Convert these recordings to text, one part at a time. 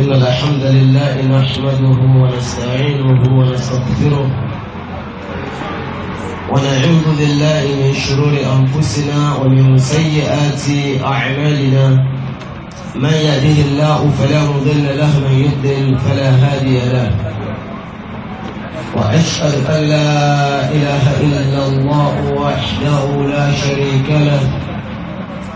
إن الحمد لله نحمده ونستعينه ونستغفره ونعوذ بالله من شرور أنفسنا ومن سيئات أعمالنا من يهده الله فلا مضل له من يضلل فلا هادي له وأشهد أن لا إله إلا الله وحده لا شريك له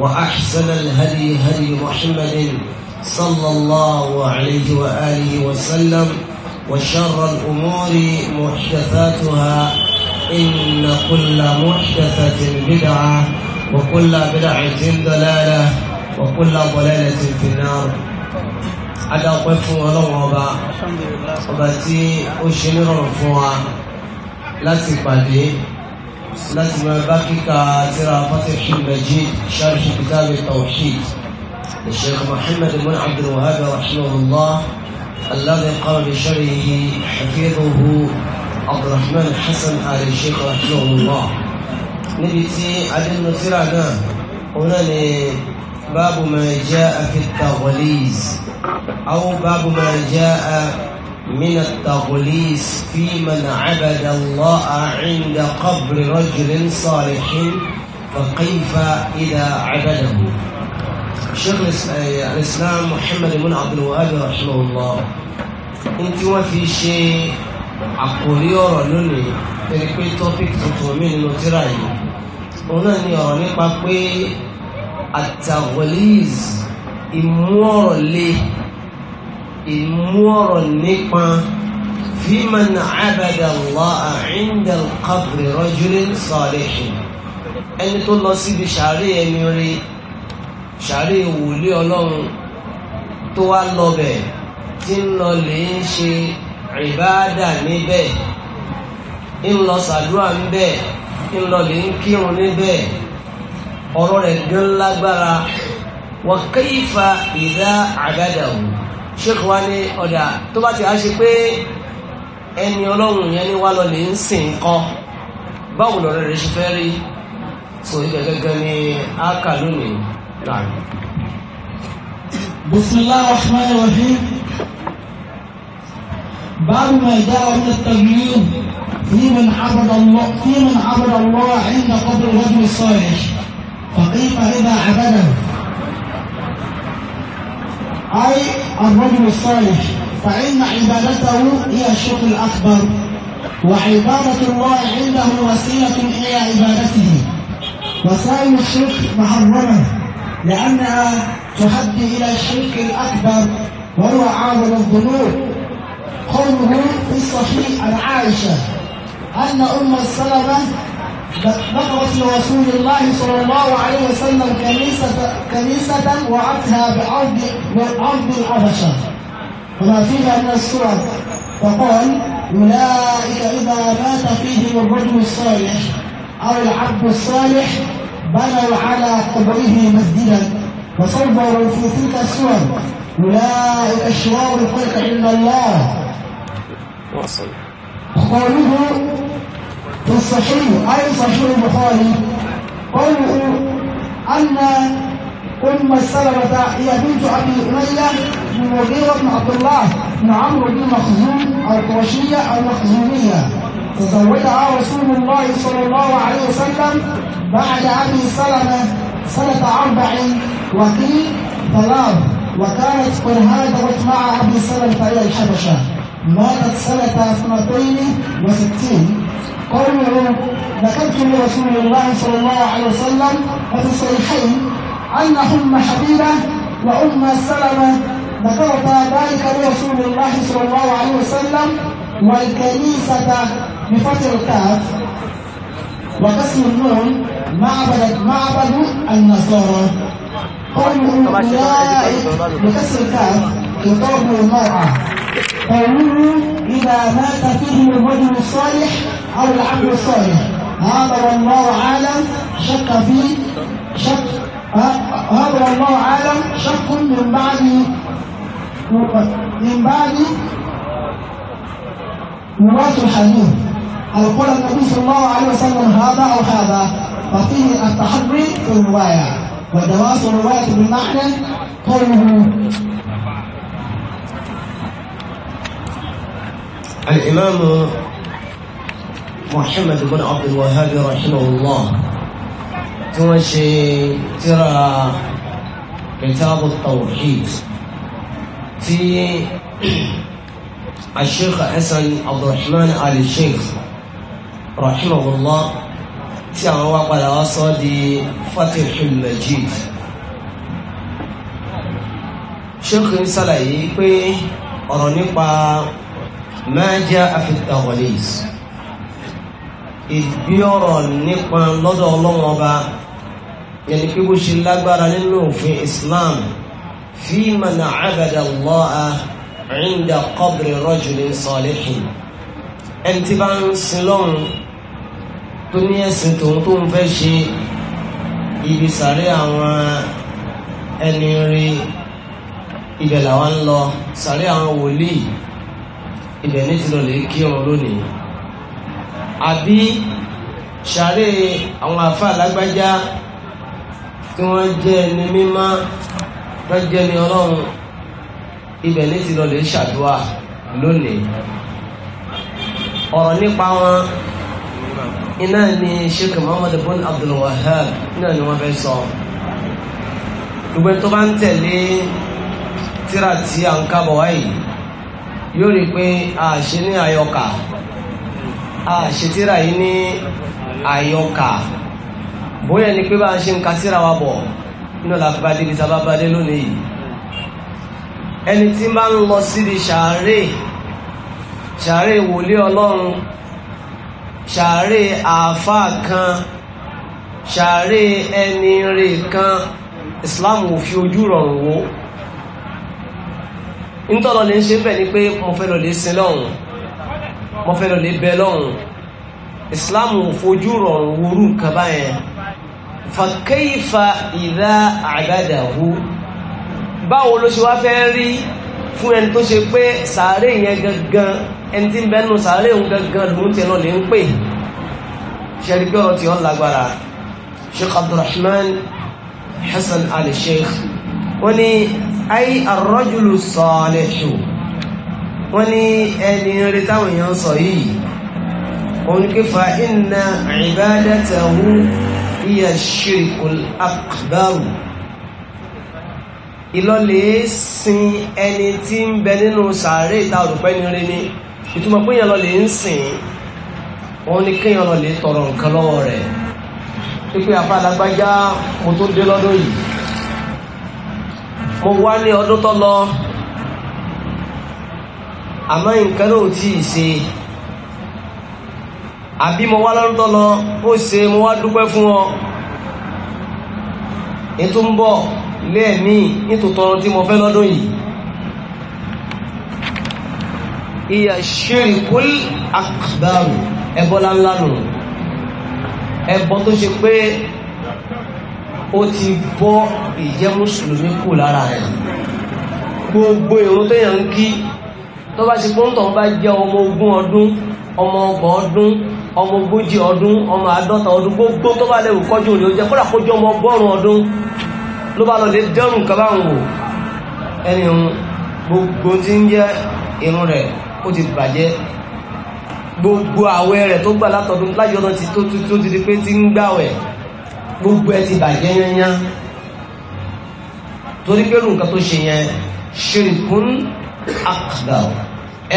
وأحسن الهدي هدي محمد صلى الله عليه وآله وسلم وشر الأمور محدثاتها إن كل محدثة بدعة وكل بدعة ضلالة وكل ضلالة في النار adáwọ̀pẹ́ fún ọlọ́wọ́n ọba ọba tí ó ṣe nírọ̀rùn fún wa láti pàdé láti máa bá فتح المجيد fatihul كتاب التوحيد الشيخ محمد بن عبد الوهاب رحمه الله الذي قام بشرحه حفيظه عبد الرحمن حسن آل الشيخ رحمه الله نبتي عدد نتيرنا هنا باب ما جاء في التغليز أو باب ما جاء من التغليس في من عبد الله عند قبر رجل صالح فكيف إذا عبده شيخ الإسلام محمد بن عبد الوهاب رحمه الله أنت ما في شيء àkòrí ọ̀rọ̀ lónìí pẹ̀lú pé tọ́píkì tuntun mi nínú tíra yìí òun náà ni ìmú ọ̀rọ̀ nípa fíman abada Allaha inda al-qabri rajulin salihin ẹni tó lọ síbi sàárè ẹni rí sàárè wòlé ọlọ́run tó wá lọ́bẹ̀ tí ń lọ lè ń ṣe ìbáàdà níbẹ̀ ń lọ sàdúrà níbẹ̀ ń lọ lè ń kírun níbẹ̀ ọ̀rọ̀ rẹ̀ gán lágbára wa kayfa idha sheikh wa ní ọ̀dà tó bá ti á ṣe pé ẹni ọlọ́run yẹn ni wá lọ lè ń sìn nǹkan báwo lọ́rọ̀ rẹ̀ ṣe fẹ́ rí so ibẹ̀ gẹ́gẹ́ ni a lónìí náà. bismillahir rahmanir rahim báwo ma ìjà ọmọ tẹ̀lé فيمن عبد الله فيمن عبد الله عند قبر الرجل الصالح فكيف اذا عبده أي الرجل الصالح فإن عبادته هي الشكر الأكبر وعبادة الله عنده وسيلة إلى عبادته وسائل الشرك محرمة لأنها تؤدي إلى الشرك الأكبر وهو عامل الذنوب قوله في الصحيح عن عائشة أن أم السلمة دخلت لرسول الله صلى الله عليه وسلم كنيسة كنيسة وعدها بأرض بأرض الحبشة وما فيها من السور فقال أولئك إذا مات فيهم الرجل الصالح أو العبد الصالح بنوا على قبره مسجدا وصبروا في تلك السور أولئك أشرار الخلق عند الله وصل قوله والصحيح أي صحيح البخاري قوله أن أم السلمة هي بنت أبي أمية بن مغيرة بن عبد الله بن عمرو بن مخزوم القرشية المخزومية تزوجها رسول الله صلى الله عليه وسلم بعد أبي سلمة سنة أربع وفي ثلاث وكانت قد هاجرت مع أبي سلمة إلى الحبشة ماتت سنة 62 قوله لقد لرسول رسول الله صلى الله عليه وسلم وفي الصحيحين أن أم حبيبة وأم سلمة ذكرتا ذلك لرسول الله صلى الله عليه وسلم والكنيسة بفتح الكاف وقسم النون معبد معبد النصارى قوله أولئك بكسر الكاف يطلب المرأة قوله إذا مات فيه الرجل الصالح أو العمل الصالح هذا والله أعلم شك في شك هذا والله أعلم شك من بعد من بعد مراس الحديث أو قول النبي صلى الله عليه وسلم هذا أو هذا ففيه التحري في الرواية ودواس الرواية بالمعنى قوله الإمام Muhammad ibn Abdul Wahhab rahimahullah tí wọ́n ṣe tíra kitabu tawhid tí الشيخ حسن عبد الرحمن آل الشيخ رحمه الله tí àwọn wá padà wá sọ di Fatihul Majid ṣéèkì ń ṣàlàyé pé ọ̀rọ̀ nípa ma jaa fi at-taghlis ìgbé ọ̀rọ̀ nípa lọ́dọ̀ ọlọ́wọ́n ọba yẹni pé bó ṣe lágbára nínú òfin Islam fi man abada Allaha inda qabri rajulin salihin ẹni tí bá ń sin lọ́run tó ní ẹ̀sìn tòun tó ń fẹ́ ṣe ibi sàárẹ̀ àwọn ẹni rí ibẹ̀ làwọn ń lọ sàárẹ̀ àwọn wòlíì ibẹ̀ ní ti lọ lè kírun lónìí àbí sàárè àwọn àfa alágbájá tí wọ́n jẹ́ ẹni mímọ́ tó jẹ́ ẹni ọlọ́run ibẹ̀ ní ti lọ lè ṣàdúrà lónìí ọ̀rọ̀ nípa wọn iná ni sheikh muhammad bin abdul wahab iná ni wọ́n fẹ́ sọ gbogbo tó bá ń tẹ̀lé tíra tí à ń kábọ̀ wáyé yóò rí i pé àṣẹ ní àyọkà àṣetíra yìí ní àyọkà bóyá ni pé bá ń ṣe ń ka síra wa bọ̀ nínú làbàdé ní sábàbàdé lónìí yìí ẹni tí máa ń lọ síbi ṣàárè ṣàárè wòlé ọlọ́run ṣàárè àáfàá kan ṣàárè ẹni rè kan islam ò fi ojú rọrùn wò nítọ́lọ́ lè ń ṣe bẹ́ẹ̀ ni pé mo fẹ́ lọ lè sin lọ́hùn mọ́ fẹ́ lọ lè bẹ lọ́hùn islam fojú rọrùn worú nǹkan báyẹn fàkẹ́yìfà ìdá àgádàwó báwo ló ṣe wá fẹ́ rí fún ẹni tó ṣe pé sàárè yẹn gangan ẹni tí ń bẹ́nu sàárè òun gangan lòún tiẹ̀ lọ lè ń pè ṣẹ́rí tí ó lágbára sheikh abdulrahman hasan ali sheikh ó ní ayé arrajulu salihu wọ́n ní ẹni rẹ táwọn èèyàn sọ yìí òun ní kífà inna ibadatahu hiya shirkul akbar ìlọlẹ̀ sin ẹni tí ń bẹ nínú sàárè ìta ní rí ní ìtumọ̀ pé èèyàn lọlẹ̀ ń sìn wọn ni kéèyàn lọlẹ̀ tọrọ nǹkan lọ́wọ́ rẹ̀ pípé apá mo tó dé lọ́dún yìí mo wá ní ọdún tó lọ àmọ́ nǹkan náà ò tí ì ṣe àbí mo wá lọ́dún lọ ó ṣe mo wá dúpẹ́ fún ọ ètò ń bọ̀ lẹ́ẹ̀mí nítòtọrọ tí mo fẹ́ lọ́dún yìí ìyà ṣirikul akbar ẹbọ láńlá nù ẹbọ tó ṣe pé ó ti bọ́ ìjẹ́ mùsùlùmí kù lára rẹ̀ gbogbo ìrún tẹ́yàn ń kí tó bá ti pọ́n tọ̀ bá jẹ́ ọmọ ogún ọdún ọmọ ọgbọ̀n ọdún ọmọ ogójì ọdún ọmọ àádọ́ta ọdún gbogbo tó bá lẹ́wù kọ́jú òní ó jẹ́ kódà kó jẹ́ ọmọ ọgọ́rùn ọdún ló bá lọ lè dẹ́rùn kaba ń wò ẹni ìrun gbogbo tí ń jẹ́ ìrun rẹ̀ ó ti bàjẹ́ gbogbo àwẹ̀ rẹ̀ tó gbà látọdún láyé ọdún ti tó ti di pé ti ń gbàwẹ̀ gbogbo ẹ ti bàjẹ́ yányá torí pé nǹkan tó ṣe yẹn ṣe ìkún akbar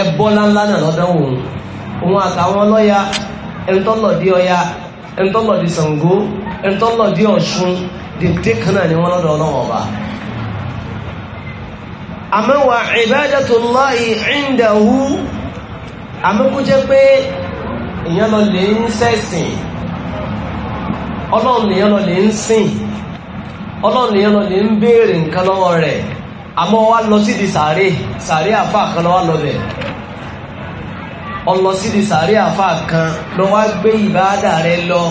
ẹbọ ńláńlá náà lọ́dọ̀ òun òun àtàwọn ọlọ́ya ẹni tó ọya ẹni tó dị kan náà ni ọba jẹ́ pé lọ lè ń sẹ́sìn ọlọ́run lọ lè ń sìn ọlọ́run lọ lè ń béèrè nǹkan àmọ́ wá lọ sí di sàárè sàárè àfà kan lọ wá lọ bẹ̀ ọlọ sí di sàárè àfà kan lọ wá gbé ìbáàdà rẹ lọ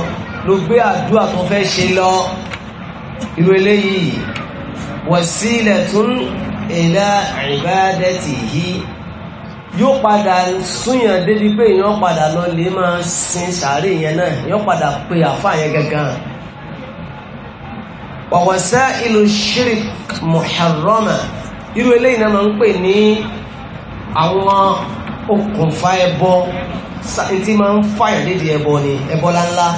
ló gbé àdúrà tó fẹ́ ṣe lọ irú eléyìí wasilatun ila ibadatihi yóò padà súnyàn débi pé èèyàn padà lọ lè máa sin sàárè yẹn náà yóò padà pe àfà yẹn gangan. wàwàsá ìlú shirik muharrama irú eléyìí náà ń pè ní àwọn okùnfà ẹbọ tí máa ń fàyà lédi ẹbọ ni ẹbọ láńlá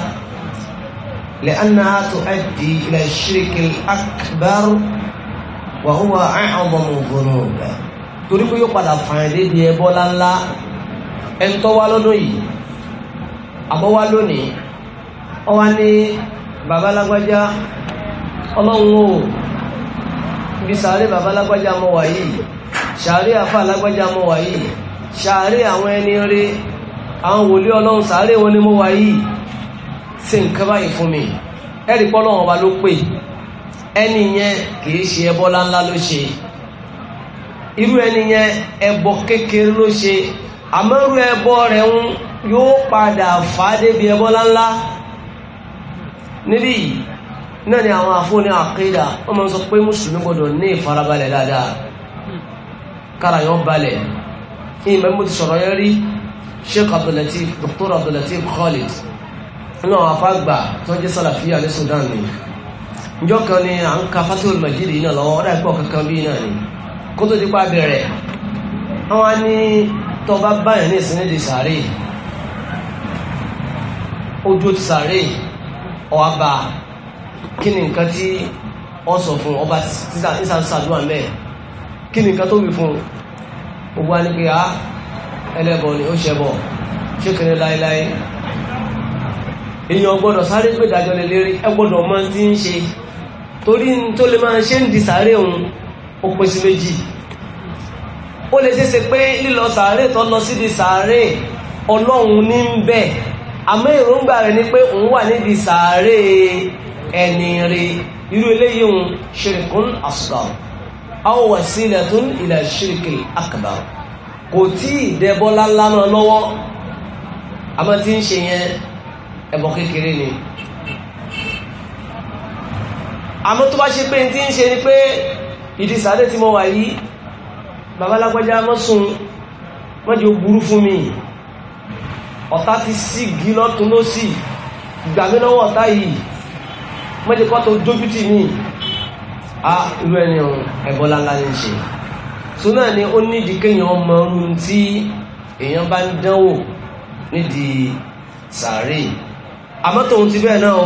لأنها torí pé yóò padà lédi ẹbọ láńlá lọ́dún yìí àbọ̀ lónìí wá ní babalágbájá ọlọ́run o bí sàárè bàbá lágbájá mọ́ wà yìí sàárè àfà lágbájá mọ́ wà yìí sàárè àwọn ẹni rí àwọn wòlíì ọlọ́run sàárè wọn ni mọ́ wà yìí ṣe nǹkan báyìí fún mi ẹ̀rí pọ́lọ́run ọba ló pè ẹni yẹn kìí ṣe ẹbọ láńlá ló ṣe irú ẹni yẹn ẹbọ kékeré ló ṣe àmọ́rú ẹbọ rẹ̀ ń yóò padà fà á débi ẹbọ láńlá níbí yìí náà ni àwọn afúnni àkídà wọ́n máa ń sọ pé mùsùlùmí gbọdọ̀ ní ìfarabalẹ̀ dáadáa kára yọ balẹ̀ ìmọ̀ mo ti sọ̀rọ̀ yẹn rí sheikh abdulatif dr abdulatif khalid nínú àwọn afágbà tó jẹ́ sàlàfíà ní sudan ni ìjọ kan ni à ń ka fatul majid yìí náà lọ́wọ́ ọ̀dà ìpọ̀ kankan bíi náà ni kó tó di pa bẹ̀rẹ̀ wọ́n á tọba báyìí ní ìsinmi di sàárè ojú ti sàárè ọ̀ kí ni nǹkan tí ọ fún ọba títà ní sàdúrà mẹ́ẹ̀ kí ni nǹkan tó wí fún gbogbo wa ní pé a ah, ẹlẹ́bọ ni ó bọ̀ ṣé láéláé èèyàn gbọ́dọ̀ sáré pé ìdájọ́ lè lérí mọ ń ṣe torí tó lè máa sáré òun ó méjì ó lè ṣeéṣe pé sáré tó lọ sáré ọlọ́run ní ń bẹ̀ àmọ́ èròǹgbà ni pé òun wà sáré ẹni rí irú eléyìí ń ṣirikun asghar aw wasilatun ila ṣirikì akbar kò tí ì dẹbọ́ lálánà lọ́wọ́ àmọ́ tí ń ṣe yẹn ẹbọ kékeré ni àmọ́ tó bá ṣe pé tí ń ṣe ni pé ìdí sàádé tí mo wà yìí babalágbájá mọ́sùn wọ́n jẹ́ burú fún mi ọ̀tá ti sí gí lọ́tún lọ́sì ìgbàmílọ́wọ́ ọ̀tá yìí mọ́jẹ́ kọ́ tó dójú tì ní à irú ẹni ọ̀hún ẹ̀bọ́ lálá ní ṣe so náà ni ó nídìí kéèyàn mọ irú tí èèyàn bá ń dánwò nídìí sàárè àmọ́ tòun ti bẹ́ẹ̀ náà o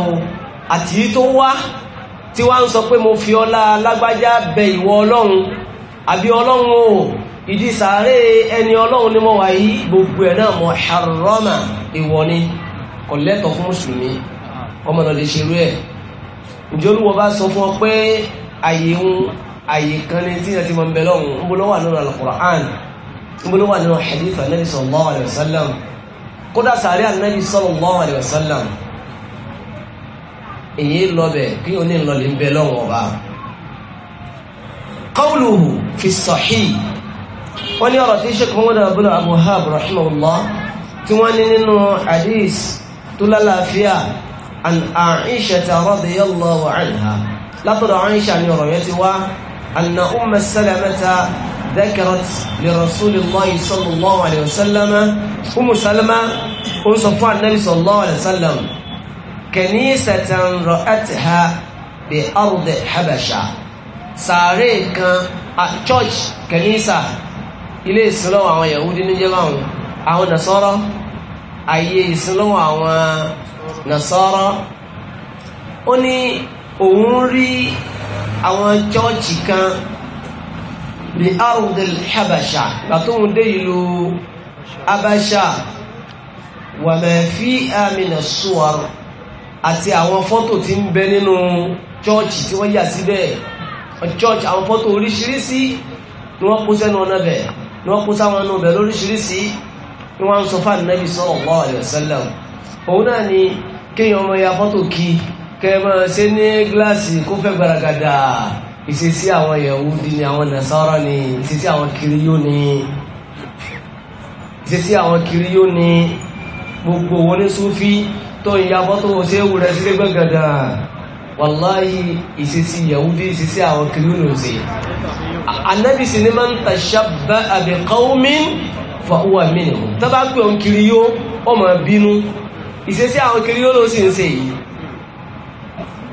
àtìrí tó wá tí wá ń sọ pé mo fi ọlá lágbájá bẹ ìwọ ọlọ́run àbí ọlọ́run o ìdí sàárè ẹni ọlọ́run ni mo wà yìí gbogbo ẹ̀ náà mo harrama ìwọ ni kò lẹ́tọ̀ọ́ fún mùsùlùmí ọmọ náà lè ṣerú ẹ̀ ǹjẹ́ olúwọ bá sọ fún ọ pé àyè ń àyè kan ní tí wọ́n ti máa ń bẹ lọ́hùn ń bọ́ lọ́wọ́ nínú alukur'an ń bọ́ lọ́wọ́ nínú hadith anabi sallallahu alayhi wa sallam kódà sàárẹ̀ anabi sallallahu alayhi wa sallam èyí lọ́bẹ̀ kí o ní lọ́lẹ̀ ń bẹ lọ́wọ́ ọba qawluhu fi sahih wọ́n ní ọ̀rọ̀ tí ṣe kọ́ wọ́n abu hab rahimahullah tí wọ́n ní nínú hadith tó lálàáfíà an Aisha radiyallahu anha látọ̀dọ̀ Aisha ni ọ̀rọ̀ yẹn ti wá anna salamata ذكرت لرسول الله صلى الله عليه وسلم أم سلمة أم صفاء النبي صلى الله عليه وسلم كنيسة رأتها بأرض حبشة sàárè kan a church kẹnísà ilé ìsinlọ́wọ́ àwọn yahudi ní jẹ́ báwọn àwọn nasọ́rọ́ ayé ìsinlọ́wọ́ àwọn nasara ó ní òun rí àwọn chọ́ọ̀chì kan bí arudel habasha gbàtóhun dé ìlú habasha wàmẹ̀fí àmìnà suwar àti àwọn fọ́tò tí ń bẹ nínú chọ́ọ̀chì tí wọ́n yà síbẹ̀ chọ́ọ̀chì àwọn fọ́tò oríṣiríṣi ni wọ́n kó sẹ́nu ọ̀nà bẹ̀ ni wọ́n kó sáwọn ọ̀nà bẹ̀ lóríṣiríṣi ni wọ́n ń sọ fún ànábì sallallahu alaihi wasallam òun náà ni kéèyàn ọmọ ya fọ́tò kí kẹ́ẹ̀mọ́ ṣe ní gíláàsì kó fẹ́ gbaragada ìṣesí àwọn Yahudi ni àwọn Nasara ni ìṣesí àwọn kiriyó ni ìṣesí àwọn kiriyó ni gbogbo wọn ní Sufi tó ń ya fọ́tò ṣe é wúrẹ́ sílé gbẹ̀gàdà wàláyé ìṣesí Yahudi ìṣesí àwọn kiriyó ni ò sí. Ànábì sì ni man tashabbaha bi qawmin fa huwa minhum tó bá pè ń kiriyó ọmọ bínú ìṣesí àwọn kiri ló ló sì ń ṣe yìí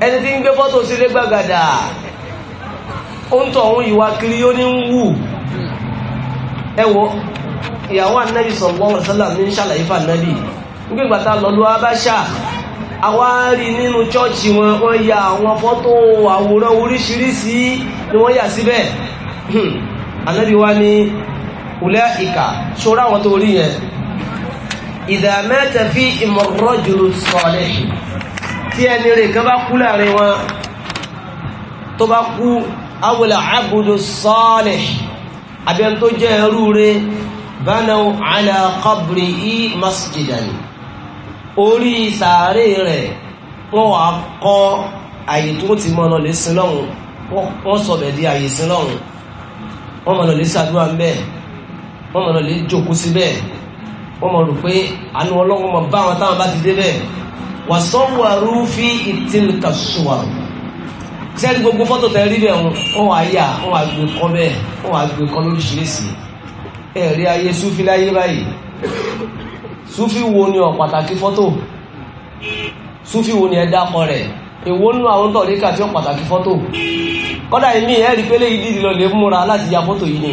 ẹni tí ń gbé fọ́tò sílé gbàgàdà ó ń tọ̀ ohun ìwà kiri ó ní ń wù ẹwọ ìyàwó ànábì sallallahu alaihi wasallam ní ṣàlàyé fànábì nígbà ìgbà tá lọ́lọ́ abáṣà àwárí nínú chọ́ọ̀chì wọn wọ́n ya àwọn fọ́tò àwòrán oríṣiríṣi ni wọ́n yà síbẹ̀ hmm. ànábì wa ní ulẹ́ìkà ṣọ́ra àwọn tó rí yẹn idha mata fi ar-rajulu salih tí ẹni rẹ̀ kan bá kú láàrin wọn tó bá kú awul abdu salih abẹ́n tó jẹ́ ẹrú rẹ̀ banaw ala qabrihi masjidan orí sàárè rẹ̀ wọ́n wá kọ́ àyè tó ti mọ́ lè sin wọ́n sọ̀bẹ̀ di àyè sin wọ́n mọ̀ lè sàdúrà ń bẹ́ẹ̀ wọ́n mọ̀ lè jókòó síbẹ̀ wọ́n mọ̀ rò pé àánú ọlọ́run mọ̀ bá àwọn táwọn bá ti dé bẹ́ẹ̀ wà sọ́wọ́ arúfí ìtìlùkà ṣùwàrù sẹ́ni gbogbo fọ́tò tẹ́ rí bẹ́ẹ̀ wọ́n wà yà wọ́n wà gbé kọ́ bẹ́ẹ̀ wọ́n wà gbé kọ́ lóríṣiríṣi ẹ̀rí ayé súfí láyé báyìí súfí wo ni ó pàtàkì fọ́tò súfí wo ni ẹ dákọ̀ rẹ̀ èwo nú àwọn tọ̀ríkà tí ó pàtàkì fọ́tò kọ́dà ìmí ẹ̀rí pélé yìí dìdì lọ lè múra láti ya fọ́tò yìí ni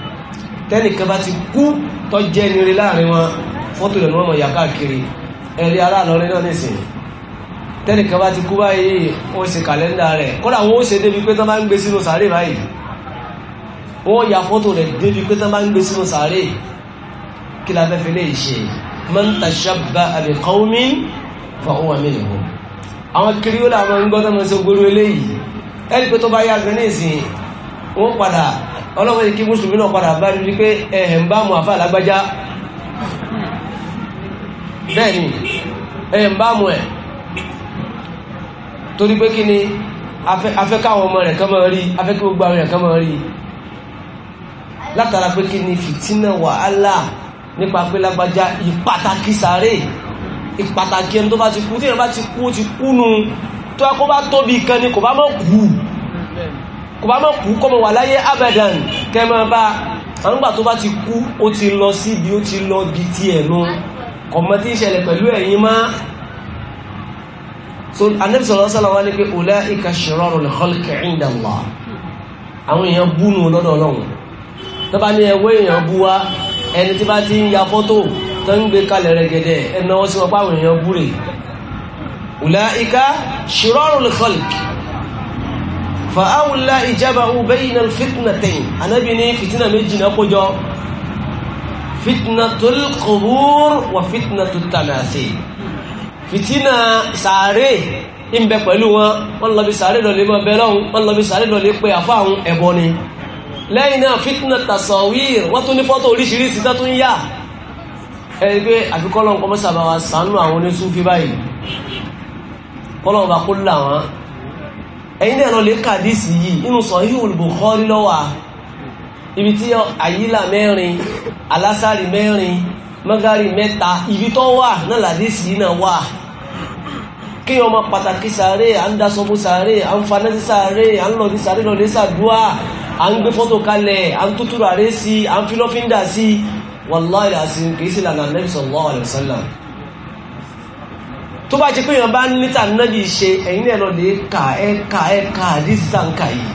tẹ́nìkan bá ti kú tó jẹ́ nire láàrin wọn fọ́tò rẹ̀ wọ́n mọ̀ yà káàkiri ẹ̀rí aláàlọ́rin náà nìsín tẹ́nìkan bá ti kú báyìí wọ́n ṣe kàlẹ́ndà rẹ̀ kódà wọ́n ṣe débi pé tán bá ń gbé sínú sàárè báyìí wọ́n ya fọ́tò rẹ̀ débi pé tán bá ń gbé sínú sàárè kí la fẹ́fẹ́ lè ṣe man tashabbaha bi qawmin fa huwa minhum àwọn kiri ọlọ́wọ́ ti kí mùsùlùmí náà padà bá rí pé ẹ̀hẹ̀ ń bá mú àfà lágbájá bẹ́ẹ̀ni ẹ̀hẹ̀ ń bá mú ẹ̀ torí pé kí ni afẹ́ káwọn ọmọ rẹ̀ kán máa rí afẹ́ rẹ̀ kán rí látara pé kí ni fìtínà wàhálà nípa pé lágbájá ìpàtàkì sàárè ìpàtàkì ẹni tó bá ti kú tí ẹni bá ti kú kò bá mọ̀ kú kọmọ wà láyé abadan kẹmọ bá àrùngbà tó bá ti kú ó ti lọ síbi ó ti lọ bí ti ẹ̀nu kọmọ tí ìṣẹ̀lẹ̀ pẹ̀lú ẹ̀yin má so Ànábì sallallahu alaihi wasallam ní pé ulaika shirarul khalqi inda Allah àwọn èèyàn bú nù lọ́dọ̀ Ọlọ́run tó ní ẹwọ́ èèyàn bú wá fàáwùlá ìjábà ubẹ́ iná fitna tẹ̀yìn anábì ní fitina méjì náà kójọ fitna tul qubur wa fitna tul tamasi fitina sàárè ń bẹ pẹ̀lú wọn wọn lọ bí sàárè lọlé mọ bẹ lọ́hùn wọn lọ bí sàárè lọlé pé àfáàhùn ẹ̀bọ ni lẹ́yìn náà fitna tasawir wọ́n tún ní fọ́tò oríṣiríṣi tó tún yà ẹgbẹ́ àfikọ́lọ́ nǹkan mọ́sàbà wa sànú àwọn oníṣúfí báyìí kọ́lọ́ ọba kó làwọn ẹ̀yin náà lọ lè kàdísì yìí nínú Sahihul Bukhari ló wà ibi tí àyílà mẹ́rin alásàrì mẹ́rin mọ́gárì mẹ́ta ibi tó wà náà làdísì yìí náà wà kí ọmọ pàtàkì sàárè à ń dasọ́bù sàárè à ń fanẹ́sì sàárè à ń lọ́dí sàárè lọ́dí sàdúà à ń gbé fọ́tò kalẹ̀ à ń tútù rà sí à ń filọ́fíńdà sí i wàláhì kìí sí lànà Nabi sallallahu alaihi tó bá jẹ́ pé èèyàn bá níta nábì ṣe ẹ̀yin náà lọ lè kà ẹ́ kà ẹ́ kà àdìsí tàǹkà yìí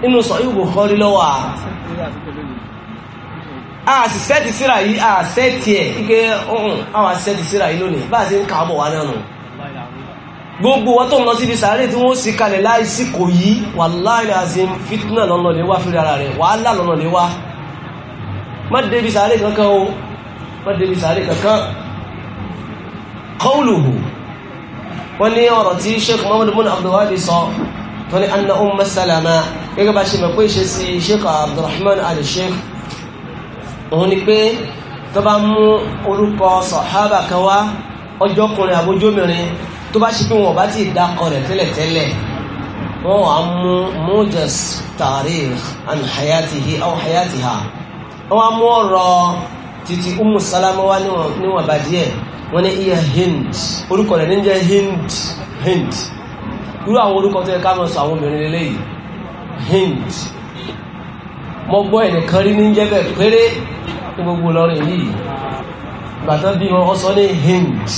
nínú sọ yóò Bukhari lọ́wọ́ à sẹ́ẹ̀tì síra yìí a sẹ́ẹ̀tì ẹ̀ ike ọ̀hún àwọn sẹ́ẹ̀tì síra yìí lónìí bá a ṣe ń kà á bọ̀ wá náà nù gbogbo wọn tó ń lọ síbi sàárè tí wọ́n sì kalẹ̀ láìsí kò yí wàláhì azim fitna lọ́nà lè wá fúnra rẹ̀ wàhálà lọ́nà lè wá má débi sàárè kankan o má débi sàárè kankan qawluhu wọ́n ní ọ̀rọ̀ tí sheikh muhammad bin abdulwahab sọ tó ní anna umma salama gẹ́gẹ́ bá ṣe mọ̀ pé ṣe sí sheikh abdulrahman ali sheikh òun ni pé tó bá mú orúkọ sọ̀hábà kan ọjọ́kùnrin àbójómìnrin tó bá ṣe pé wọn bá ti dákọ rẹ̀ tẹ́lẹ̀tẹ́lẹ̀ wọn wà mú mujas tarikh wọ́n ní iya hind orúkọ rẹ̀ ní jẹ́ hind hind irú àwọn orúkọ tó yẹ ká mọ̀ sọ àwọn obìnrin lélẹ́ yìí hind mọ́ gbọ́ ẹ̀nìkan rí ní jẹ́ bẹ́ẹ̀ péré ní gbogbo lọ́rin yìí bàtán bí wọn sọ ní hind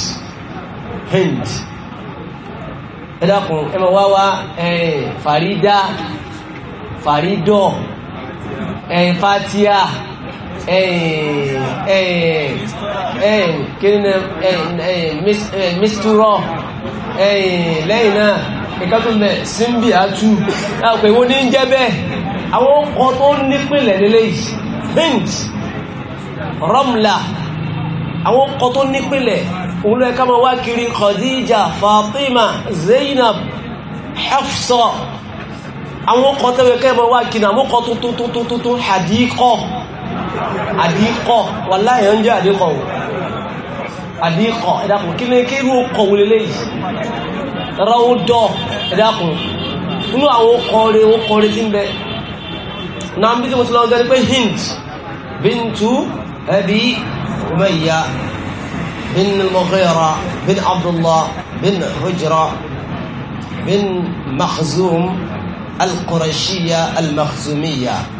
hind ẹ dákun ẹ mọ̀ wá wá farida faridọ fatia misturo lẹ́yìn náà ìkàtúnbẹ̀ símbì àtú láàpẹ̀ wọ́n ní ń jẹ́ bẹ́ẹ̀ àwọn ọkọ̀ tó nípìnlẹ̀ nílé yìí mint ramla àwọn ọkọ̀ tó nípìnlẹ̀ òun lẹ́ka ma wá kiri Khadija Fatima Zainab Hafsa àwọn ọkọ̀ tẹ́wẹ́kẹ́ ma wá kiri àwọn ọkọ̀ tó tó tó tó tó hadikọ́ àdíkọ̀ wà láyé ń jẹ́ àdíkọ̀ wò àdíkọ̀ ẹ̀dàkùn kí ní kí irú ọkọ̀ wò lélẹ̀ yìí rọ́wọ́ dọ̀ ẹ̀dàkùn inú àwọn okọ̀ọ̀rẹ́ okọ̀ọ̀rẹ́ ti ń bẹ náà bí tí mo ti lọ gẹ́ni pé Hind bintu Abi Umayya bin Mughira bin Abdullah bin Hujra bin Makhzum al-Qurashiyya al-Makhzumiyya. Al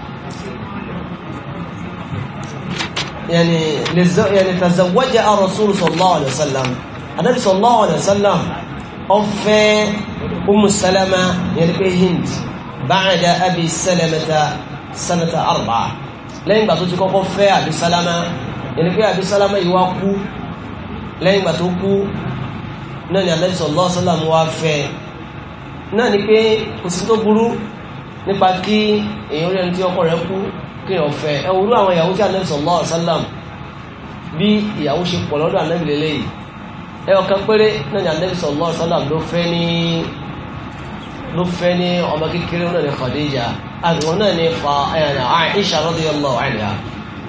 يعني لز... يعني تزوج الرسول صلى الله عليه وسلم النبي صلى الله عليه وسلم أوفى أم سلمة يعني هند بعد أبي سلمة سنة أربعة لين بعد تكون أوفى أبي سلمة يعني أبي سلمة يواكو لين بعد تكو نني النبي صلى الله عليه وسلم وافى نني كي كسيتو برو nípa kí èèyàn rí ẹni tí ọkọ kí wọ́n fẹ́ ẹ wúrú àwọn ìyàwó tí anabi sallallahu alaihi wasallam bí ìyàwó ṣe pọ̀ lọ́dọ̀ anabi lélẹ́yìí ẹ ọ̀kan péré náà ni anabi sallallahu alaihi wasallam ló fẹ́ ní ló fẹ́ ní ọmọ kékeré náà ní Khadija àgbọn náà ní fa Aisha radiyallahu anha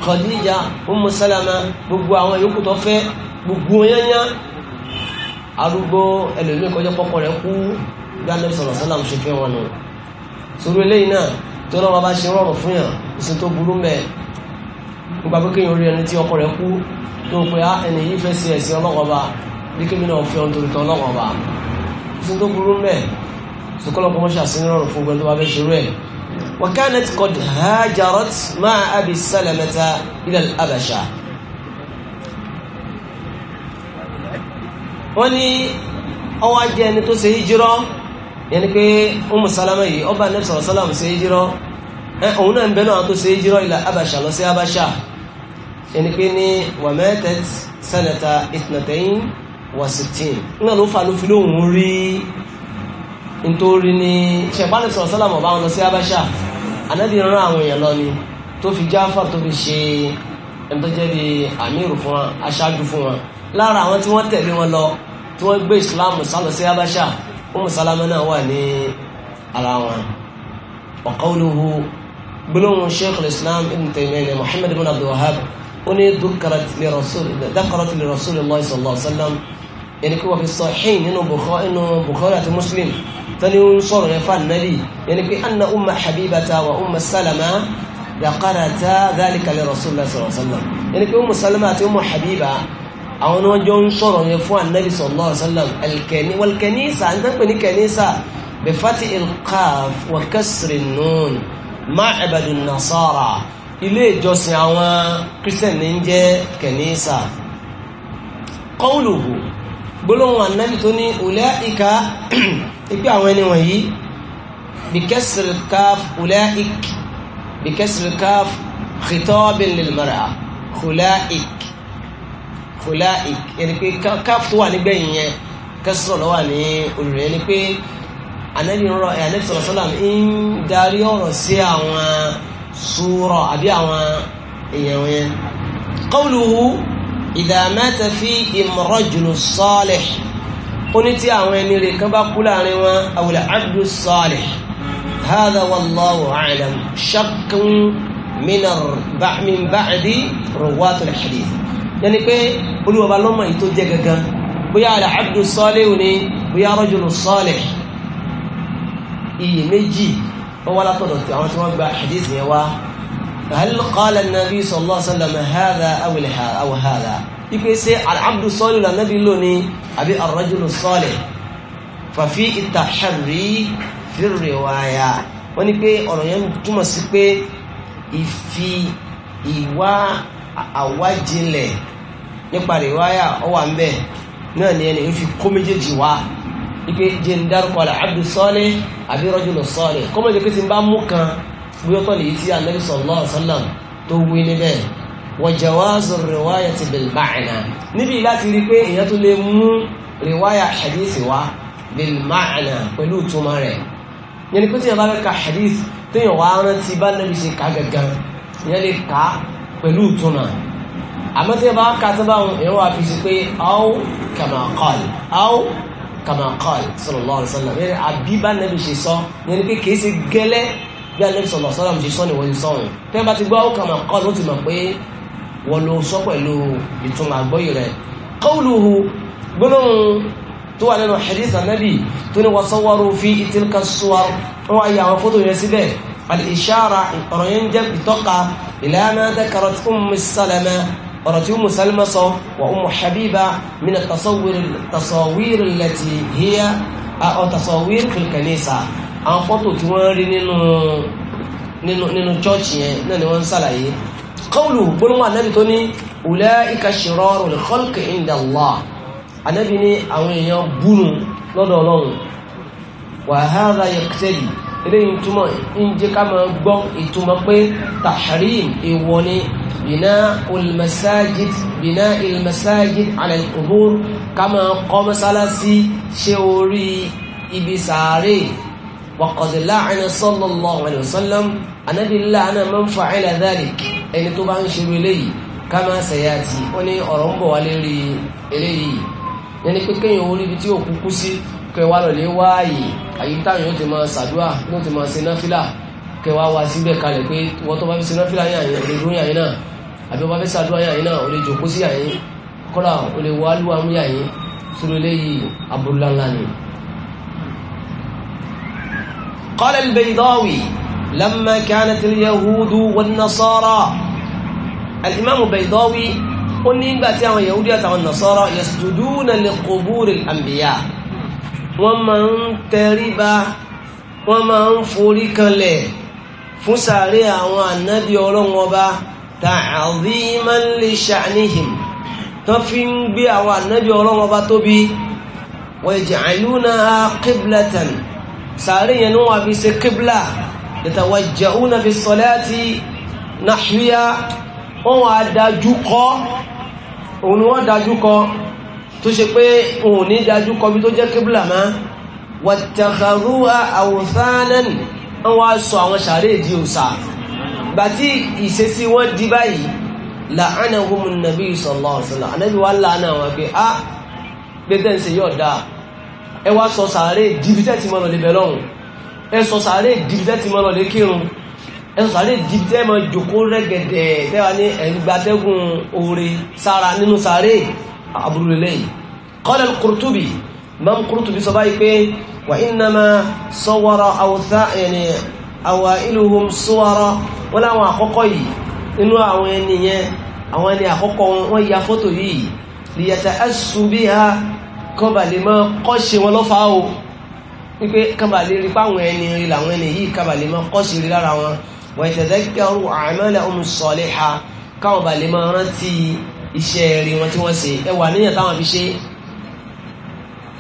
Khadija Ummu Salama gbogbo àwọn yòókù tó fẹ́ gbogbo yányá arúgbó ẹlòmíì kọjá rẹ̀ kú bí anabi ṣe fẹ́ wọn nù sórí eléyìí náà tó lọ́wọ́ bá ṣe rọrùn fún yàn ìsìn tó burú mẹ́ẹ̀ nípa pé kéèyàn rí ẹni tí ọkọ rẹ̀ kú tó ń pe á ẹni yìí fẹ́ sí ẹ̀sìn ọlọ́wọ́ba bí kí mi náà fi ọ̀n torí tán ọlọ́wọ́ba ìsìn tó burú mẹ́ẹ̀ sọkọlọpọ mọ́ṣà sí rọrùn fún gbẹ́ntọ́ bá fẹ́ ṣerú ẹ̀ وكانت قد هاجرت مع أبي سلمة إلى الأبشة wọ́n ní ọwọ́ ajẹ́ ẹni tó ṣe hijira yẹn ni pé Umu Salama yìí ọba anabi sọ̀rọ̀ sálàmù ṣe é jírọ́ òun náà ń bẹ náà tó ṣe é jírọ́ ilà Abasha lọ sí Abasha yẹn ni pé ní wàmẹ́tẹ̀ sẹ́nẹ̀tà ìtìnàtẹ̀yìn wàsìtìn náà ló fa ló fi lóhùn rí nítorí ní ṣẹ̀pánì sọ̀rọ̀ sálàmù ọba wọn lọ sí Abasha anabi rán àwọn èèyàn lọ ni tó fi Jáfà tó fi ṣe ẹni tó jẹ́ fún wa aṣáájú fún wa lára àwọn tí wọ́n tẹ̀lé wọn lọ tí wọ́n gbé ìsìláàmù sálọ sí Abasha Umu Salama náà wà ní ara wọn wa qawluhu gbólóhùn sheikh al-islam ibn Taymiyyah Muhammad ibn Abdul Wahhab ó ní dhakarat li Rasulillah sallallahu alaihi wa sallam yẹni kí wọ́n fi sahih nínú Bukhari àti Muslim tani ń sọ̀rọ̀ yẹn fún anabi yẹni pé anna umma habibata wa umma salama dhakarata dhalika li Rasulillah sallallahu alaihi wa sallam yẹni pé umu àti umu habiba àwọn náà jọ ń sọ̀rọ̀ yẹn fún anabi sallallahu alaihi wasallam alkẹni walkẹnisa n tẹ́ pè ní kẹnisa bifati ilkaf wa kasri nun ma'abadu nasara ilé ìjọsìn àwọn christian ní jẹ́ kẹnisa qawluhu gbólóhùn anabi tó ní ulaika ipe àwọn ẹni fòlá ìyẹn pé káf tó wà nígbẹ̀yìn yẹn kẹsàn lọ wà ní olùrẹ̀ yẹn ni pé anabi rọ ẹ anabi sọlọ sọlá ń darí ọ̀rọ̀ sí àwọn sùúrọ àbí àwọn èèyàn yẹn qawluhu idha mata fi imrajulu salih ó ní tí àwọn ẹni rẹ̀ kan bá kú láàrin wọn àwòlẹ̀ abdu salih hada wallahu a'lam shakkun min ba'di ruwatul hadith yẹni pé olúwọba lọ́mọ yìí tó jẹ́ gangan bóyá àlẹ́ abdu sọ́ọ̀lẹ̀ òní bóyá rọ́jòlù sọ́ọ̀lẹ̀ iye méjì wọ́n wá látọ̀dọ̀ tí àwọn tí wọ́n gba hadith yẹn wá hal qala nàbí sallallahu alaihi wasallam hàdà aw hàdà ipe ṣe àlẹ́ abdu sọ́ọ̀lẹ̀ lànàbí lónìí àbí àrọ́jòlù sọ́ọ̀lẹ̀ fàfi ìtàṣàrí fìrìwáyà wọ́n ìfi ìwà àwájinlẹ̀ nípa rìwáyà ọwà ń bẹ̀ náà ni ẹni fi kó méjèèjì wá ipe jẹ́ ń dárúkọ àlà abdu salih àbí rajulu salih kọ́mọ̀jẹ́ pé ti bá mú kan gbóyọ́tọ̀ lè ti anabi sallallahu alaihi wasallam tó wí níbẹ̀ wa jawazu rìwáyà bil ma'na níbi láti rí pé èèyàn tó lè mú rìwáyà hadisi wá bil ma'na pẹ̀lú ìtumọ̀ rẹ̀ yẹn ni tí yẹn bá fẹ́ ka hadisi téèyàn wá rántí bá nàbì ṣe ká gangan yẹn lè ká pẹ̀lú ìtúnà àmọ́ tí ẹ bá ka tó báwọn èèyàn wà fi sí pé aw kama qal aw kama qal sallallahu alaihi wasallam yẹn àbí bá nẹ́bí ṣe sọ yẹn pé kìí ṣe gẹ́lẹ́ bí anẹ́bí sallallahu alaihi wasallam ṣe sọ ni wọ́n sọ wọn tẹ́ bá ti gbọ́ aw kama qal ó ti mọ̀ pé wọ́n ló sọ pẹ̀lú ìtúnà àgbọ́yé rẹ̀ qawluhu gbólóhùn tó wà nínú hadith anẹ́bí tó ní wọ́n sọ wọ́rọ̀ fi tilka wọ́n wá àwọn fótó yẹn síbẹ̀ alìṣára ọ̀rọ̀ yẹn jẹ́ ìtọ́ka ìlànà dẹ́kọ̀rọ̀ tí Ummu Salama ọ̀rọ̀ tí Ummu Salama sọ wà Ummu Habiba mina tasawir lati hiya ọ tasawir kanisa àwọn fọ́tò tí wọ́n rí nínú nínú nínú chọ́ọ̀chì yẹn náà ni wọ́n ń sàlàyé kọ́ọ̀lù gbólóhùn anábì tó ní ulaika shirarul khalqi inda Allah anábì ní àwọn èèyàn búnú lọ́dọ̀ ọlọ́run wa hadha yaqtadi eléyìí túmọ̀ ń jẹ́ ká máa gbọ́ ìtumọ̀ pé tahrim èèwọ̀ ni bìnà olùmọ̀sáàjìd bìnà ìlmọ̀sáàjìd alal qubur ká máa kọ́ mọ́sálásí ṣé orí ibi sàárè wa qad la'ana sallallahu alayhi wa sallam anabi la'ana man fa'ala dhalik ẹni tó bá ń ṣe eléyìí ká máa ṣẹ̀yà tì ó ní ọ̀rọ̀ ń bọ̀ wá lérí eléyìí yẹn pé kéèyàn orí ibi tí òkú kú sí kẹwa lọlẹ wáàyè àyè yóò ti máa ṣàdúrà yóò ti máa ṣe náfìlà kẹwa wá síbẹ̀ kalẹ̀ pé wọ́n tó bá fi ṣe náfìlà yàn yàn lè dún yàn náà àbí wọ́n bá fẹ́ ṣàdúrà yàn náà ò lè jòkó sí yàn kọ́lá ò lè wá lúwa mú yàn sórí eléyìí abúlánlá ni. قال البيضاوي لما كانت اليهود والنصارى الإمام البيضاوي ó ní ìgbà tí àwọn yahudi àtàwọn nasara yasjuduna li wọ́n máa ń tẹríba wọ́n máa ń forí kanlẹ̀ fún sàárè àwọn ànábì ọlọ́run ọba ta'ziman li sha'nihim tó fi ń gbé àwọn ànábì ọlọ́run ọba tóbi wa yaj'alunaha qiblatan sàárè yẹn ní wọ́n fi ṣe qibla yatawajja'una fi salati nahwiya wọ́n wà dájú kọ́ òun wọ́n dájú kọ́ tó ṣe pé òun ní dájú kọbi tó jẹ́ kíbùlà máa wàtàkàrúwà àwòsánán wọ́n wá sọ àwọn sàárè di òsà gbà tí ìṣesí wọ́n di báyìí làánà homun nàbí sallallahu alaihi wasallam anábí wá làánà wọn pé a gbẹ́tẹ̀ ń ṣe yóò dáa ẹ wá sọ sàárè dìbítẹ́ ti mọ́nà lè bẹ̀lọ́hùn ẹ sọ sàárè dìbítẹ́ ti mọ́nà lè kírun ẹ sọ sàárè dìbítẹ́ mọ́ jòkó rẹ́gẹ̀dẹ̀ tẹ́wà ní ẹ̀ńgbàtẹ́gùn oore sára nínú sàárè aburú lélẹ́yìí qala al-Qurtubi Imam Qurtubi sọ báyìí pé wa innama sawwara awtha ẹni awailuhum suwara wọ́n láwọn àkọ́kọ́ yìí inú àwọn ẹni yẹn àwọn ẹni àkọ́kọ́ wọ́n ya fọ́tò yìí liyata'assu biha kọba lè mọ́ kọ́ṣe wọn lọ́fà o wípé kọba lè rí páwọn ẹni rí làwọn ẹni yìí kọba lè mọ́ kọ́ṣe rí lára wọn wa yatadhakkaru a'malahum as-salihah káwọn bà lè mọ́ rántí iṣẹ́ rí wọn tí wọ́n ṣe ẹwà níyàn táwọn fi ṣe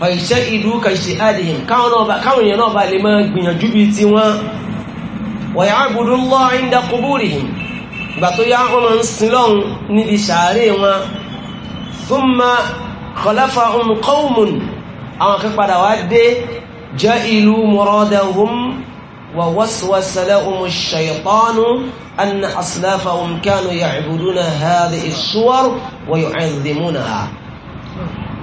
ọ̀ṣẹ́ ìlú kàṣẹ àdìyàn káwọn èèyàn náà bá lè máa gbìyànjú bíi ti wọn wọ̀yà àbúrú lọ́ inda quburihim ìgbà tó yá wọn ń sin lọ́hùn níbi sàárè wọn thumma khalafahum qawmun àwọn akẹ́padà wá dé jẹ́ ìlú muradahum ووسوس لهم الشيطان أن أصلافهم كانوا يعبدون هذه الصور ويعظمونها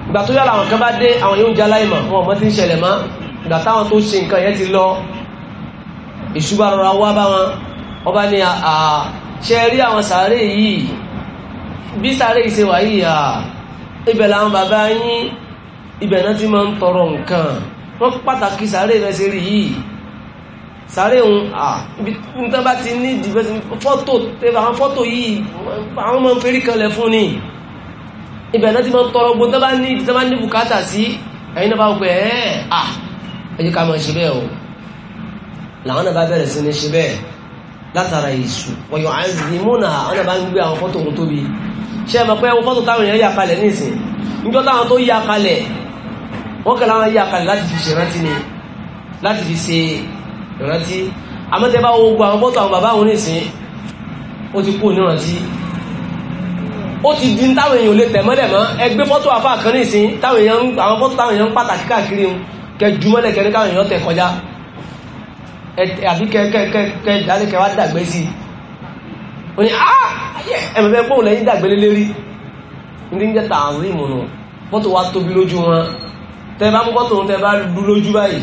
ìgbà tó yára àwọn kan bá dé àwọn yóò jálá ìmọ̀ wọn mọ́ tí ń ṣẹlẹ̀ mọ́ ìgbà táwọn tó ṣe nǹkan yẹn ti lọ ìṣúgbà rọra wá bá wọn ọba ní àṣẹ rí àwọn sàárè yìí bí sàárè yìí ṣe wà yìí à ibẹ̀ làwọn bàbá yín ibẹ̀ náà ti máa ń tọrọ nǹkan wọ́n pàtàkì sàárè rẹ̀ ṣe rí yìí sáré òun à ibi nǹkan bá ti ní ìdìbẹ́sí fọ́tò tẹ́fà àwọn fọ́tò yìí àwọn ọmọ fèrí kanlẹ̀ fún ni ibẹ̀ náà ti máa tọrọ gbogbo tó bá ní ìdí tó bá ní bùkátà sí ẹ̀yin náà bá gbẹ̀ ẹ́ à ẹ̀yìn ká máa ṣe bẹ́ẹ̀ o làwọn náà bá bẹ̀rẹ̀ sí ní ṣe bẹ́ẹ̀ látara èṣù wọ̀yọ̀ àìsìmúnà àwọn náà bá ń gbé àwọn fọ́tò òun tóbi ṣé ẹ mọ̀ pé fọ́tò táwọn èèyàn yà kalẹ̀ nísìn níjọ́ táwọn tó yà kalẹ̀ wọ́n kẹ́lá wọn yà kalẹ̀ láti fi ṣèrántí ni láti fi ṣe ìrántí àmọ́tẹ́ bá gbogbo àwọn bọ́tọ̀ àwọn bàbá òun nìsín ó ti kú nírántí ó ti di táwọn èèyàn lè tẹ̀ mọ́lẹ̀ mọ́ ẹgbẹ́ fọ́tò àfà kan nìsín táwọn èèyàn àwọn fọ́tò táwọn èèyàn ń pàtàkì káàkiri kẹjú mọ́lẹ̀ kẹrin káwọn èèyàn tẹ̀ kọjá àbí kẹ́kẹ́kẹ́ ìdálẹ́kẹ́ wá dàgbé sí o ní àá ẹ̀mẹ̀fẹ́ pọ́ùn lẹ́yìn dàgbé lé lérí ní ń jẹ́ta àrí ìmùnà mọ́tò wá tóbi lójú wọn tẹ́ bá mú mọ́tò tẹ́ bá dú lójú báyìí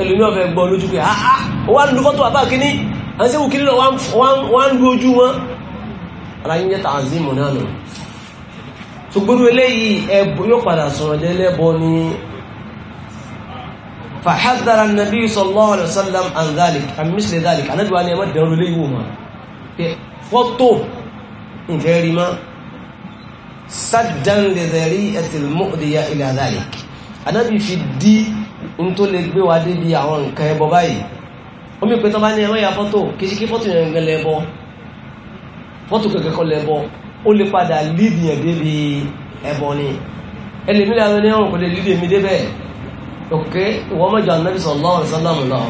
ẹlòmí ọ̀fẹ́ gbọ́ lójú pé àá wà lù fọ́tò àbá kíní à ń sẹ́wù kíní lọ wà ń lu ojú wọn ara yín jẹ́ tààzímù náà nù tó gbóru eléyìí ẹbọ yóò padà sọ̀rọ̀ jẹ́ lẹ́bọ ní fàhádàrà nàbí sallallahu alaihi wasallam an dhalik àmísìlẹ̀ dhalik ni ẹmọ́ dẹ̀rọ lé ìwò máa fọ́tò nǹkan rí máa saddan li dhari'atil mu'diya ila dhalik anábí fi dí n tó lè gbé wa débi àwọn nǹkan ẹbọ báyìí omi ìpè tó bá ní ẹ má ya fọ́tò kìí kí fọ́tò yẹn gan lẹ́bọ fọ́tò kẹ̀kẹ́ kan lẹ́bọ ó lè padà lídìí yẹn débi ẹbọ ni ẹlẹ́mi làwọn ẹni ọ̀rùn kò lè lídìí mi débẹ̀ òkè ìwọ ọmọ ìjọ anabi sallallahu alaihi wasallam lọ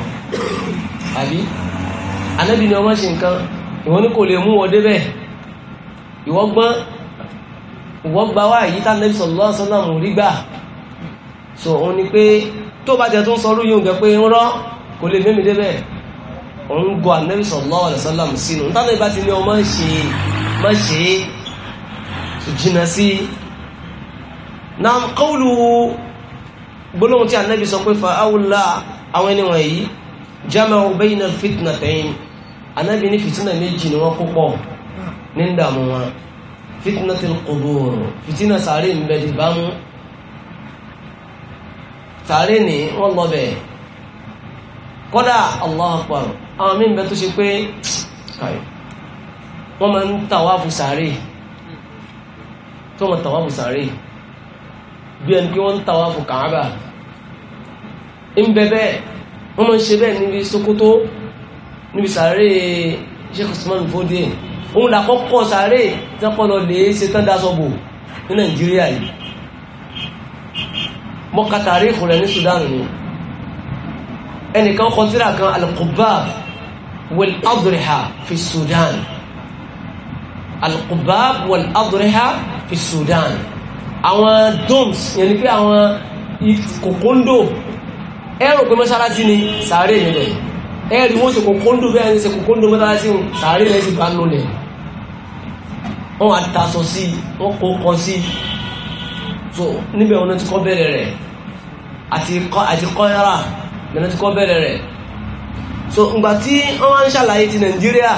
àbí anabi ni ọmọ ṣe nǹkan ìwọ ní kò lè mú wọ débẹ̀ ìwọ gbọ́n ìwọ gba wá tá anabi sallallahu alaihi wasallam rí gbà so òun ni pé tó bá jẹ́ tó ń sọ orú yóò gẹ pé ń rọ́ kò lè mímí débẹ̀ òun gọ ànábì sallallahu alaihi wasallam sínú nítorí ìbá ti ní ọ má ṣe má ṣe jìnnà sí i náà kọ́wùlù gbólóhùn tí ànábì sọ pé fa awùlà àwọn ẹni wọ̀nyí jama'u bayna fitnatayn ànábì ní fìtínà méjì ni wọ́n kó ní ń dààmú wọn fitnatil qubur fìtínà sàárè ń bẹ dìbámu tààrí ni wọ́n lọ bẹ̀ kọ́dà Allahu Akbar àwọn míì bẹ tó ṣe pé wọ́n máa ń tàwáfù sàárè tó máa tàwáfù sàárè bí ẹni pé wọ́n ń tàwáfù Kàábà ń bẹ bẹ́ẹ̀ wọ́n máa ń ṣe bẹ́ẹ̀ níbi Sokoto níbi sàárè Sheikh Usman Fodio òun làkọ́kọ́ sàárè tí wọ́n kọ́ lọ lè ṣe tán dáṣọ bò ní Nàìjíríà yìí mo ka tàríkù rẹ̀ ní Sudan ni ẹnìkan kọ tírà kan al-Qubbab wal-Adriha fi Sudan al-Qubbab wal-Adriha fi Sudan àwọn domes yẹn ni pé àwọn kòkóńdò ẹ̀rọ pé mọ́ṣáláṣí ni sàárè nílẹ̀ ẹ̀rì wọ́n ṣe kòkóńdò bẹ́ẹ̀ ń ṣe kòkóńdò mọ́ṣáláṣí sàárè lẹ́sìn bá ń wọ́n àtàṣọ sí wọ́n kó kan sí so níbẹ̀ wọn ti kọ́ bẹ̀rẹ̀ rẹ̀ àti kọ́yára lẹ́nu ti kọ́ bẹ̀rẹ̀ rẹ̀ so ngbà tí wọ́n ń ṣàlàyé ti nàìjíríà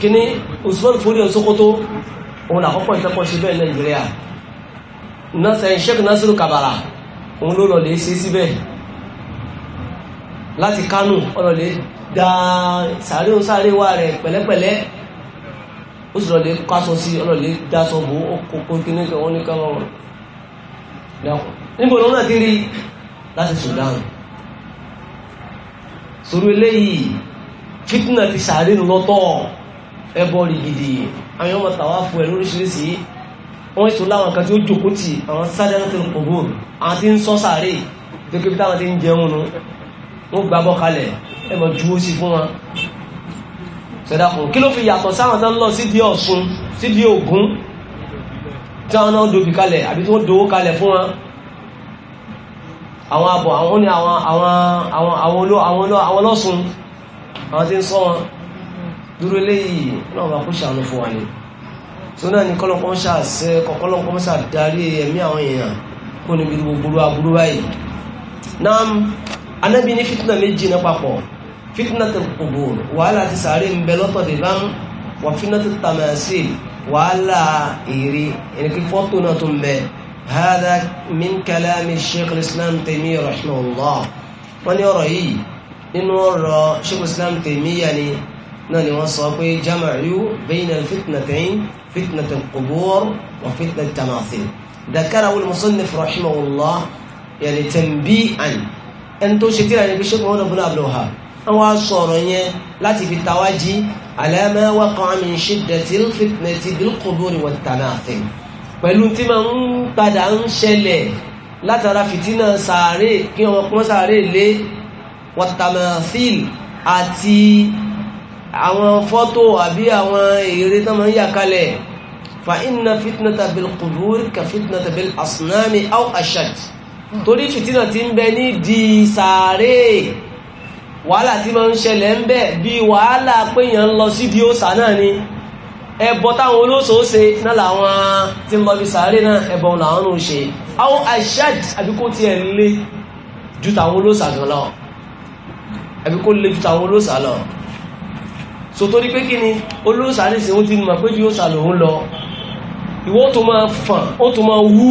kíní Usman Fodio Sokoto òun làkọ́kọ́ ìtẹ́kọ́ sí bẹ́ẹ̀ nàìjíríà nọ́sẹ̀ eh, Sheikh Nasiru Kabara òun ló lọ lè ṣe síbẹ̀ láti Kánò ọlọ́lẹ̀ dáa sàárẹ̀ òun sàárẹ̀ wà rẹ̀ pẹ̀lẹ́pẹ̀lẹ́ ó sì lọ́lẹ̀ kásọ sí ọlọ́lẹ̀ dásọ bò ó kókó kíní kan wọ́n ní ká wọ́n dákun níbo lòun náà ti rí láti Sudan sọ̀rọ̀ eléyìí fitna ti sàárẹ̀ lọ́tọ̀ ẹbọ rí gidi àwọn ọmọ tàwa fún ẹ lóríṣiríṣi wọ́n sọ láwọn kan tí ó jòkó tì àwọn sáré láti ń pògbò àwọn tí ń sọ sáré gẹ́gẹ́ táwọn ti ń jẹun nu wọ́n gbàbọ̀ kalẹ̀ ẹ sẹ́dàkùn kí ló fi yàtọ̀ sáwọn náà lọ sídìí ọ̀ṣun sídìí ògún tí wọn náà dobi kalẹ̀ àbí tí wọn dowó kalẹ̀ fún wọn àwọn abọ̀ àwọn ní àwọn àwọn àwọn àwọn oló àwọn oló àwọn lọ́sùn àwọn tí ń sọ wọn dúró léyìí náà bá kó ṣàánú fún wa ni tó náà ni kọ́lọ́kọ́ ṣàṣẹ kọ́lọ́kọ́ ṣàdarí ẹ̀mí àwọn èèyàn kó níbi gbogbo aburú báyìí náà anábì ní fìtínà méjì náà papọ̀ فتنة القبور وعلى تسعرين بلطة الرم وفتنة التماثيل وعلى إيري إن فتنة به هذا من كلام الشيخ الإسلام تيمية رحمه الله من يرى إن ورى الشيخ الإسلام تيمية يعني نني جمع بين الفتنتين فتنة القبور وفتنة التماثيل ذكره المصنف رحمه الله يعني تنبيئا أنتم توشتير يعني بشيخ هنا بلا بلوها wọ́n á sọ̀rọ̀ yẹn láti fi tawájí alama waqa min shiddatil fitnati bil quburi wat tanathi pẹ̀lú tí ma ń padà ń ṣẹlẹ̀ látara fìtínà sàárè kí ọmọ kún sàárè lé wat tamathil àti àwọn fọ́tò àbí àwọn ère tó máa ń yà kalẹ̀ fa inna fitnata bil ka fitnata bil asnami aw ashad hmm. torí fìtínà ti ń bẹ ní di sàárè wàhálà tí máa ń ṣẹlẹ̀ ń bẹ bí wàhálà péyàn ń lọ síbi òòsà náà ni ẹbọ táwọn olóòsòó ṣe náà làwọn tí ń lọ bí sàárè náà ẹbọ làwọn ń ṣe àwọn ashad àbíkó tiẹ̀ lé ju tàwọn olóòsà gan lọ àbíkó lé ju tàwọn olóòsà lọ sotori pé kí ni olóòsà ní ìsìn ó ti mọ̀ pé bí òòsà lòun lọ ìwọ tó máa fàn ó tó máa wú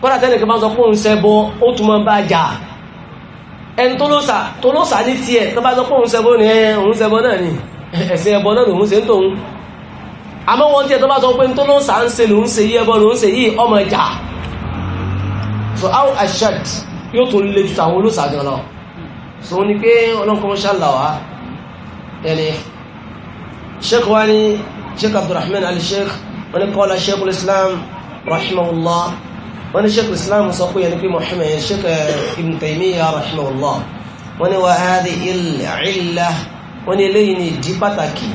kọ́dà tẹ́lẹ̀ kí n sọ pé òun ṣẹbọ ó tó máa bá jà ẹni tó ló sà tó ló sà ní tiẹ̀ tó bá sọ òun ṣẹbọ ni òun ṣẹbọ náà ni ẹ̀sìn ẹbọ náà lòun ṣe ń tòun àmọ́ wọn tiẹ̀ tó bá sọ pé tó ló sà ń ṣe lòun ṣe yí ẹbọ lòun ṣe yí ọmọ ìjà so how ashad yóò tó lè ju àwọn olóòsà gan lọ so ní pé ọlọ́nkọ́ ṣàlàwà ẹni sheikh Wani, sheikh abdulrahman ali sheikh wọn ni kọ́lá sheikh islam rahimahullah wọ́n ní sheikh islam sọ pé yẹn ni pé muhammed sheikh ibn taymiyyah rahimahullah wọ́n ní wa hadi ilà wọ́n ní eléyìí ni ìdí pàtàkì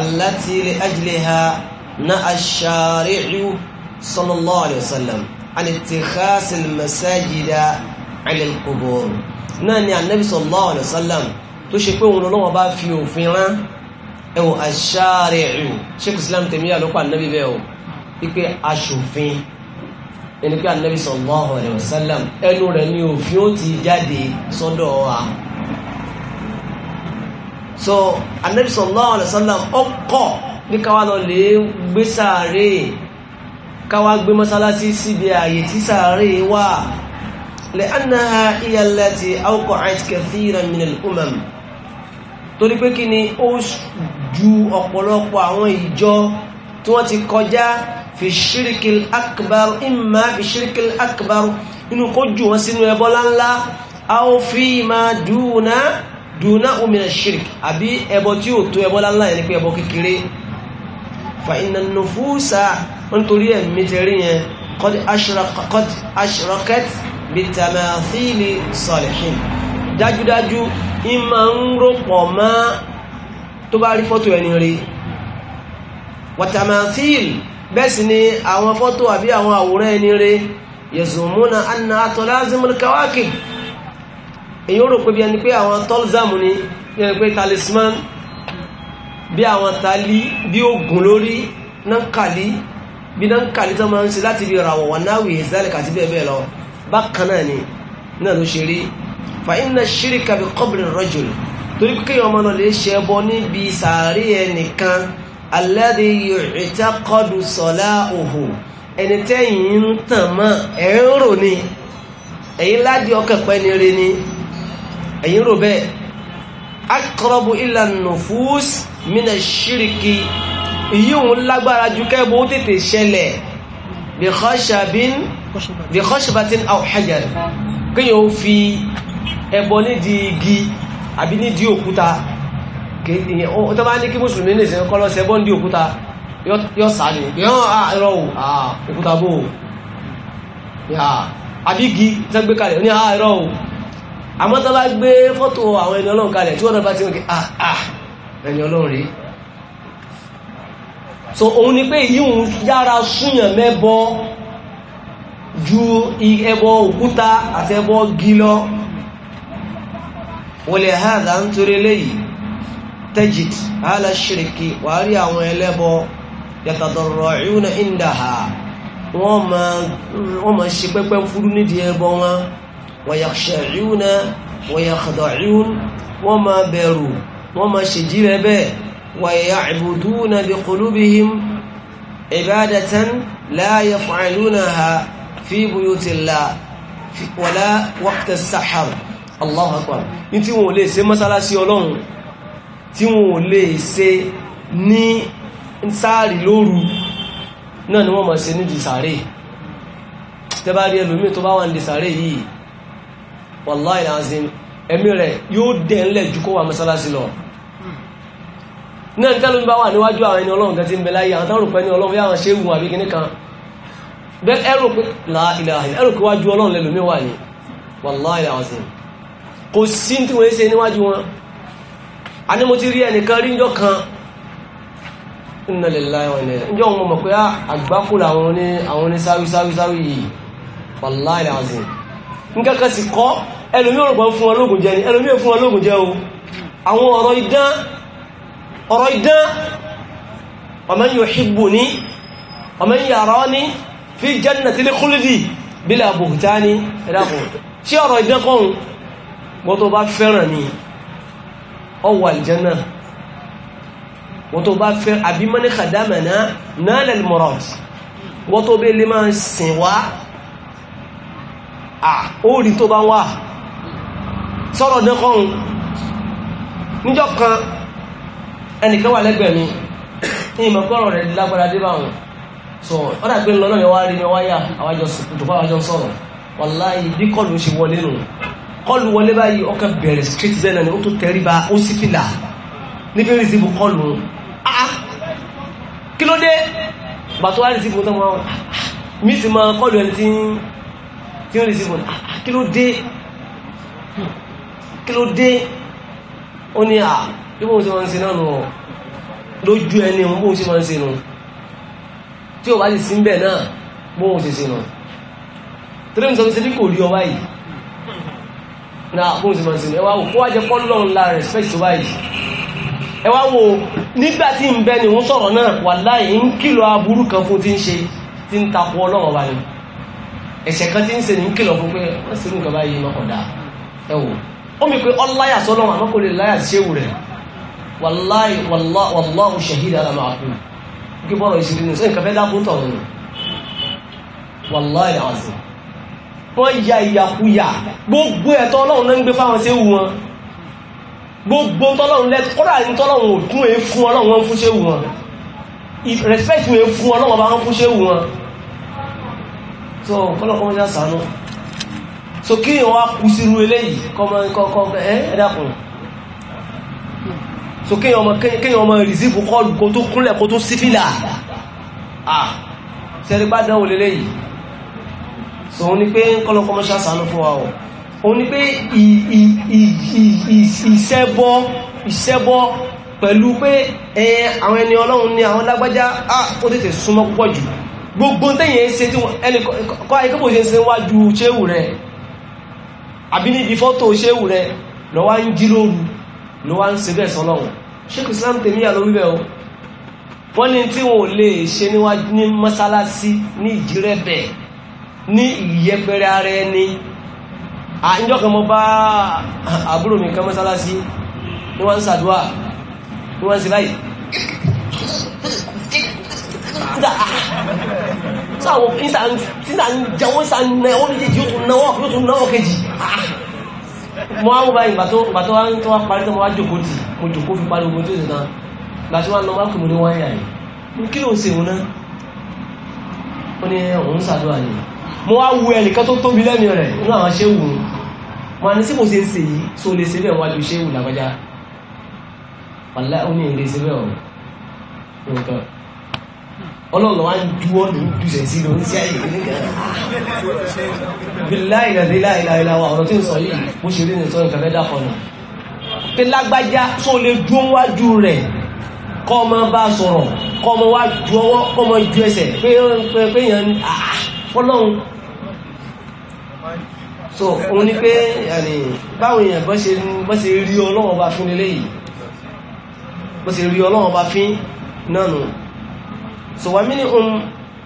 allati li ajliha na ash-shari'u sallallahu alayhi wa sallam an ittikhas al-masajida ala al-qubur náà ni anabi sallallahu alayhi wa sallam tó ṣe pé òun lọ́wọ́ bá fi òfin rán ẹ̀wọ̀n ash sheikh islam taymiyyah ló pa anabi bẹ́ẹ̀ o wípé aṣòfin ẹnikẹ́ anabi sallallahu alaihi wasallam ẹnu rẹ̀ ni òfin ó ti jáde sọ́dọ̀ wa so anabi sallallahu alaihi wasallam ọkọ̀ ní káwa lọ lè gbé sàárè káwa gbé mọ́sálásí síbi ààyè tí sàárè wà lẹ́ànáà hiya allati awqa'at kathiran min al-umam torí pé kí ni ó ju ọ̀pọ̀lọpọ̀ àwọn ìjọ tí wọ́n ti kọjá fi ṣírkìl akbar imma fi ṣírkìl akbar inú kó jù wọn sínú ẹbọ láńlá aw fi ma dúnà dúnà min ṣírk àbí ẹbọ tí ó tó ẹbọ láńlá yẹn ní pé ẹbọ kékeré fa inna nufusa wọn torí ẹ̀mí tẹ̀rí yẹn qad ashraqat bitamathili salihin dájúdájú ìmọ̀ ń rọ̀pọ̀ mọ́ tó bá rí fọ́tò ẹni rí watamathili bẹ́ẹ̀ sì ni àwọn fọ́tò àbí àwọn àwòrán ẹni rẹ̀ yẹ̀zùmúnà anna atọ́lázimul kawaki èyí ó rò pé bí ẹni pé àwọn tọ́lzàmù ni bí ẹni pé talisman bí àwọn tali bí ogun lórí nankali bí nankali tó máa ń ṣe láti bí ràwọ̀ wà náwì ìzálẹ̀ kàti bẹ́ẹ̀ lọ bákan náà ni náà ló ṣe rí fa alladhi yu'taqadu salaahu ẹni tẹ́yìn ń tàn mọ́ ẹ̀ ń rò ní ẹ̀yìn ládìí ọkàn pẹ́ ni re ni ẹ̀yìn rò bẹ́ẹ̀ aqrabu ila nufus mina shiriki ìyí òun lágbára ju kẹ́bù ó tètè ṣẹlẹ̀ bi khashabin bi khashbatin aw fi ẹbọ nídìí igi àbí nídìí òkúta tó bá ní kí mùsùlùmí ní ìsìn kọ́lọ́ sẹ́ bọ́ndì yọ sáré yọ́n àìrọ̀ ò o bò okuta tán gbé kalẹ̀ ní àìrọ̀ ò àmọ́ tó bá gbé fọ́tò àwọn ẹni ọlọ́run ti ah so ni yara ju òkúta àti ẹbọ wọlé hàn tajid ala shiriki wà á rí àwọn ẹlẹ́bọ yàtàdọ̀rọ̀ọ́yúnà ìndàhà wọ́n ma ṣe pẹ́pẹ́ fúrú nídìí ẹbọ wọn wọ̀yàṣẹ̀ríúnà wọ̀yàkàdọ̀ríún wọ́n ma bẹ̀rù wọ́n ma ṣe jílẹ̀ bẹ́ẹ̀ wọ̀yàbùdúnà bí kùlúbihim ibadatan láyé fàìlúnà ha fi buyutilla wọlá waqtas sahar Allahu akbar ní tí wọ́n lè ṣe mọ́sálásí ọlọ́run tí wọ́n lè ṣe ní sáàrì lóru náà ni wọ́n mọ̀ sí nídìí sàárè tẹ́bá rí ẹlòmí tó bá wà nídìí sàárè yìí wallahi lazim ẹ̀mí rẹ̀ yóò dẹ̀ ńlẹ̀ ju kó wà mọ́sálásí lọ náà ní tẹ́lómi bá wà níwájú àwọn ẹni ọlọ́run kan ti ń bẹ láyé àwọn táwọn rò a ní mo ti rí ẹnìkan rí njọ́ kan ìnàlẹ̀lá ẹ̀wọ̀n ẹ̀ njọ́ wọn mọ̀ pé ah, àgbákùlà àwọn oní sáwí sáwí sáwí yìí wallahi alazim nǹkan kan sì kọ́ ẹlòmí ọ̀rọ̀gbọ̀n fún ọlógun jẹ ni ẹlòmí fún ọlógun jẹ o àwọn ọ̀rọ̀ idán ọ̀rọ̀ idán waman yuhibbuni waman yarani fi ọwọ́ àlìjánà wọ́n tó bá fẹ́ àbí mọ́ní kàdámẹ̀ná náà lè mọ̀rọ̀t wọ́n tó bẹ́ lè máa sìn wá àórí tó bá wà sọ́rọ̀ dẹ́kọ́rùn níjọ́ kan ẹnìkan wà lẹ́gbẹ̀ẹ́ ìmọ̀kọ́rọ̀ rẹ̀ lágbára débàwọn so ọ́dà pé lọ́nà mi wá rí mi wáyà àwájọ sọ̀rọ̀ wàláhì bí kọlù ṣe wọlé kọlù wọlé báyìí ọkàn bẹ̀rẹ̀ straight zena ni ó tó tẹrí ba ó sì fìlà níbi rìsíbù kọlù ah, ah kí ló dé bàtọ́ wá rìsíbù tó máa mí sì máa kọlù ẹni tí ń rìsíbù ah, ah. kí ló dé kí ló dé ó ní à bí wọ́n ti máa ń ṣe náà nù ọ́ lójú ẹni wọn bóun ti máa ń ṣe nù tí ò bá ti sí ń bẹ̀ náà bóun ti ṣe nù torí mi sọ pé ṣe bí kò rí ọ báyìí na fún ẹwà wò kó wá jẹ pọ́lọ́ ńlá respect ẹwà nígbà ni wọ́n sọ̀rọ̀ náà wallahi ń kìlọ̀ aburú kan fún ti ń ṣe ti ń takò ọlọ́run ti ń ṣe ní ń fún pé wọ́n sì nǹkan báyìí lọ́kọ̀ dá ẹ ó mi pé ọláyà sọ́lọ́run láyà wọ́n ya ìyàkúyà gbogbo ẹ̀tọ́ ọlọ́run náà ń gbé fáwọn ṣéwù wọn gbogbo tọ́lọ́run lẹ́tọ́ kọ́dà ní tọ́lọ́run òdún èé fún ọlọ́run wọn fún ṣéwù wọn respect èé fún ọlọ́run wọn fún ṣéwù wọn so kọ́lọ́kọ́ wọn já sànú so kí èèyàn wá kú sírú eléyìí kọ́mọ ẹ ẹ̀dàkùn so kéèyàn ọmọ kéèyàn ọmọ rìsíìpù kọ́ọ̀lù kó tó kúnlẹ̀ kó tó sífìlà ah sẹ́rí bá dánwò lélẹ́yìí so ó ní pé kọ́lọ́kọ́ mọ́ṣá sànú fún wa o ó ní pé ìṣẹ́bọ́ ìṣẹ́bọ́ pẹ̀lú pé àwọn ẹni ọlọ́run ní àwọn lágbájá ó tètè súnmọ́ púpọ̀ jù gbogbo tẹ́yìn ẹ́ ṣe tí wọ́n ẹni kọ́ ayíkọ́ bò ṣe ń ṣe wájú ṣéwù rẹ̀ àbí níbi fọ́tò ṣéwù rẹ̀ lọ́wọ́ ń jí lóru lọ́wọ́ ń ṣe bẹ́ẹ̀ sọ́lọ́run ṣékù Islam tèmi yà lórí bẹ́ẹ̀ o wọ́n ní tí wọn ò lè ṣe níwájú ní mọ́sálásí ní ìjírẹ́bẹ̀ẹ́ ní ìyẹpẹrẹ ara ẹni àìjọ́ kan mọ́ bá àbúrò mi kan mọ́sálásí ní wọ́n ń sàdúwà ní wọ́n ń sí báyìí sáwọn ìsà ń jẹun ìsà ń nẹ oúnjẹ yóò tún náwọ́ yóò tún náwọ́ kejì ah, mọ́ àwọn báyìí ìgbà tó wá ń tó wá parí tó wá jòkó tì mo jòkó fi parí ogun tó sì náà ìgbà tó wá ń ṣe òun náà ó ní òun sàdúrà mo wá wu ẹnìkan tó tóbi lẹ́nu rẹ̀ inú àwọn ṣéwù mi wọn ni síbò ṣe ń ṣe yìí tó lè ṣe bẹ́ẹ̀ wọ́n ju ṣéwù làgbájá wàlá ó ní ìlé ṣe bẹ́ẹ̀ o nǹkan ọlọ́run wa ń ju ọ́nù dùsẹ̀ sí lórí sí àyè bíláìláìláìláìlá wa ọ̀rọ̀ tí ń sọ yìí bó ṣe rí ní sọ nǹkan fẹ́ pé lágbájá tó lè dún wájú rẹ̀ kọ́ ọmọ bá sọ̀rọ̀ kọ́ ọmọ wá ju ọwọ́ kọ́ ọmọ ju ẹsẹ̀ pé pé pé yẹn ah fọ́lọ́hun so òun ni pé yàní báwọn èèyàn bọ́ ṣe bọ́ ṣe rí ọlọ́wọ́ bá fín nílé yìí bọ́ ṣe rí ọlọ́wọ́ bá fín náà so wà mí ní ohun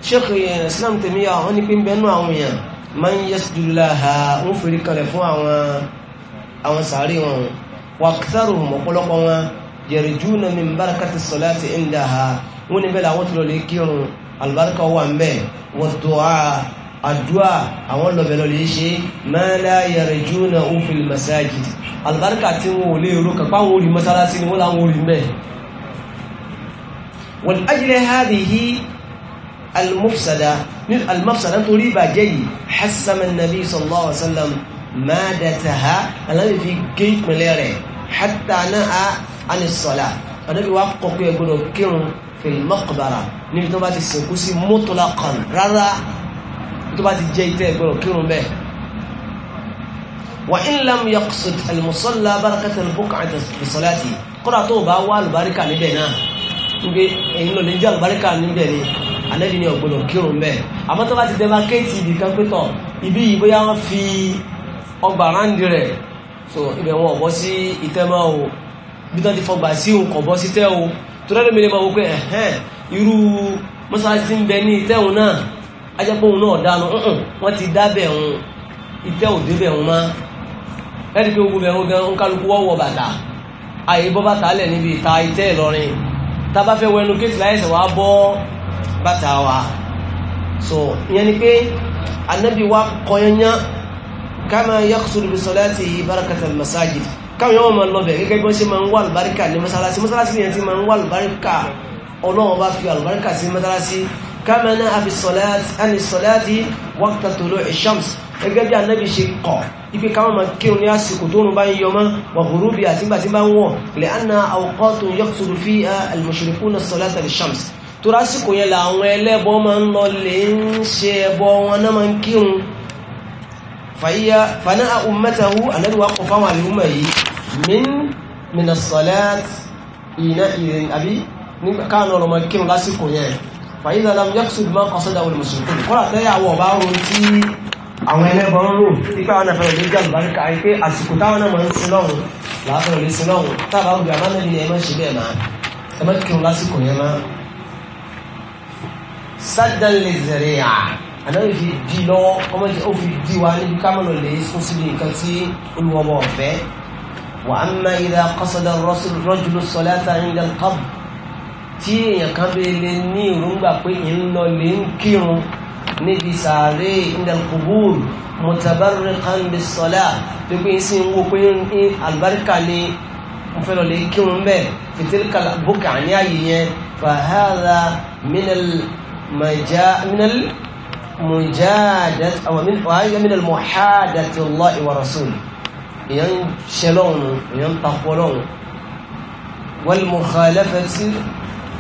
sheikh islam tèmíyà wọn ni pé ń bẹnu àwọn èèyàn man yasjudu laha ń fèrè kalẹ̀ fún àwọn àwọn sàárè wọn wà kìtàrù ọ̀pọ̀lọpọ̀ wọn yarjuna min barakati salati indaha wọn ni bẹ́ẹ̀ làwọn ti alùbáríkà wà ń bẹ̀ wọ́n tó a àdúà àwọn lọ́bẹ̀ lọ́lẹ̀ yìí ṣe mẹ́lá yarjuna òfin masajid alùbáríkà tí wọn ò lè ro kàpá wọn ò rí mọ́sálásí ni wọ́n láwọn ò rí mẹ́ wọ́n ajílẹ̀ hádìí المفسدة المفسدة تريد جي حسم النبي صلى الله عليه وسلم مادتها الذي في جيت مليري حتى نأى عن الصلاة النبي وقف يقول كم fìlmọ́kọ̀bára níbi tó bá ti sìnkú sí mọ́tòlá kan rárá tó bá ti jẹ́ ìtẹ́ ìgbọ́rọ̀ kírun bẹ́ẹ̀ wà in lam yaqsud al-musalla barakata al-buq'ati fi salati kọ́ra tó bá wá àlùbáríkà níbẹ̀ náà níbi èyí ló lè jẹ́ àlùbáríkà níbẹ̀ ni alẹ́bí ni ọ̀gbọ́dọ̀ kírun bẹ́ẹ̀ àmọ́ tó bá ti dẹ́ba kéètì ibì kan pé tọ̀ ibi yìí bóyá wọ́n fi ọgbà ráńdì rẹ̀ so ibẹ̀ wọn ò bọ́ sí ìtẹ́ máa o bí wọ́n ti fọgbà sí òun kò bọ́ sí tẹ́ o tọ́lẹ́lẹ́ mẹ́lẹ́ máa wó pé ẹ̀hẹ́n irú mọ́sálásí ń bẹ ní ìtẹ́hùn náà ajẹ́pọ̀hùn náà dánú wọ́n ti dábẹ̀ ẹ̀hùn ìtẹ́ òdébẹ̀ ẹ̀hùn má ẹ̀rí pé ogun ẹ̀hùn gan ń kálukú wọ́wọ́ bàtà àyè bọ́ bàtà lẹ̀ níbi ìta ìtẹ́ Ìlọrin tá a bá fẹ́ wẹnu kéèsì láyẹ̀sẹ̀ wá bọ́ bàtà wa so ìyẹn ni pé anábì wa kọyányá kámá yaqsud bi salatihi barakatal masajid káwọn yọ́n ma lọ́bẹ̀ gẹ́gẹ́ bí wọ́n ṣe ma ń wà àlùbáríkà ní mọ́sálásí mọ́sálásí yẹn ti ma ń wà àlùbáríkà ọlọ́wọ́ bá fi àlùbáríkà sí mọ́sálásí kámẹ́nà àbísọ̀láàtì wákàtà tòló ìṣàms gẹ́gẹ́ bí anábì ṣe kọ̀ ibi káwọn ma kírun ní àsìkò tó ń bá ń yọmọ́ wàhùrú bí àti tí bá ń wọ̀ lè ana àwòkọ́ tó yọkùtù fi àlùmọ̀ṣẹ̀lẹ̀kù náà sọ̀láàtà ìṣàms tó lásìkò yẹn làwọn ẹlẹ́bọ máa ń lọ lè ń ṣe ẹbọ wọn náà máa ń kírun fàyà fàná àhùmẹ́tàhù ànábì wà kọ̀ fáwọn àlùmọ̀ yìí min mina salat ìyìnà ìrìn àbí káàánú ọ̀rọ̀ mọ́kín lásìkò yẹn fàyín dáadáa mú yàtúntò bí máa kọ́ sọ́dà wọlé mùsùlùmí kọ́lá tẹ́lẹ̀ àwọn ọba ohun tí àwọn ẹlẹ́bọn ń rò nípa àwọn afẹ́rẹ́ lè jẹ́ àlùbáríkà yìí pé àsìkò táwọn náà máa ń sin lọ́run làáfẹ́rẹ́ lè sin lọ́run táàbà òbí àbámẹ́lì ni ẹ má ṣe bẹ́ẹ̀ máa ẹ má kírun lásìkò yẹn máa. sádàn lè zẹ̀rẹ̀ yà ànáyè fi di lọ́wọ́ ọmọ ó fi di wa níbi kámọ́nà lè fún síbi nǹkan tí olùwọ́bọ̀ وأما إذا قصد الرسول رجل الصلاة عند القبر tí èèyàn kan bẹ lè ní ìrúngbà pé ìlọ lè ń kírun níbi sàárè ìdàkùbùr mutabarriqan bis-salah tó pé sí ń wo pé ní àlùbáríkà ni mo fẹ́ lọ lè kírun bẹ́ẹ̀ fi tilka al-buq'a ní ààyè yẹn fa hadha minal mujadati aw minal muhadati Allahi wa rasulihi èèyàn ń ṣe lọ́hùn èèyàn ń takọ́ lọ́hùn wal mukhalafati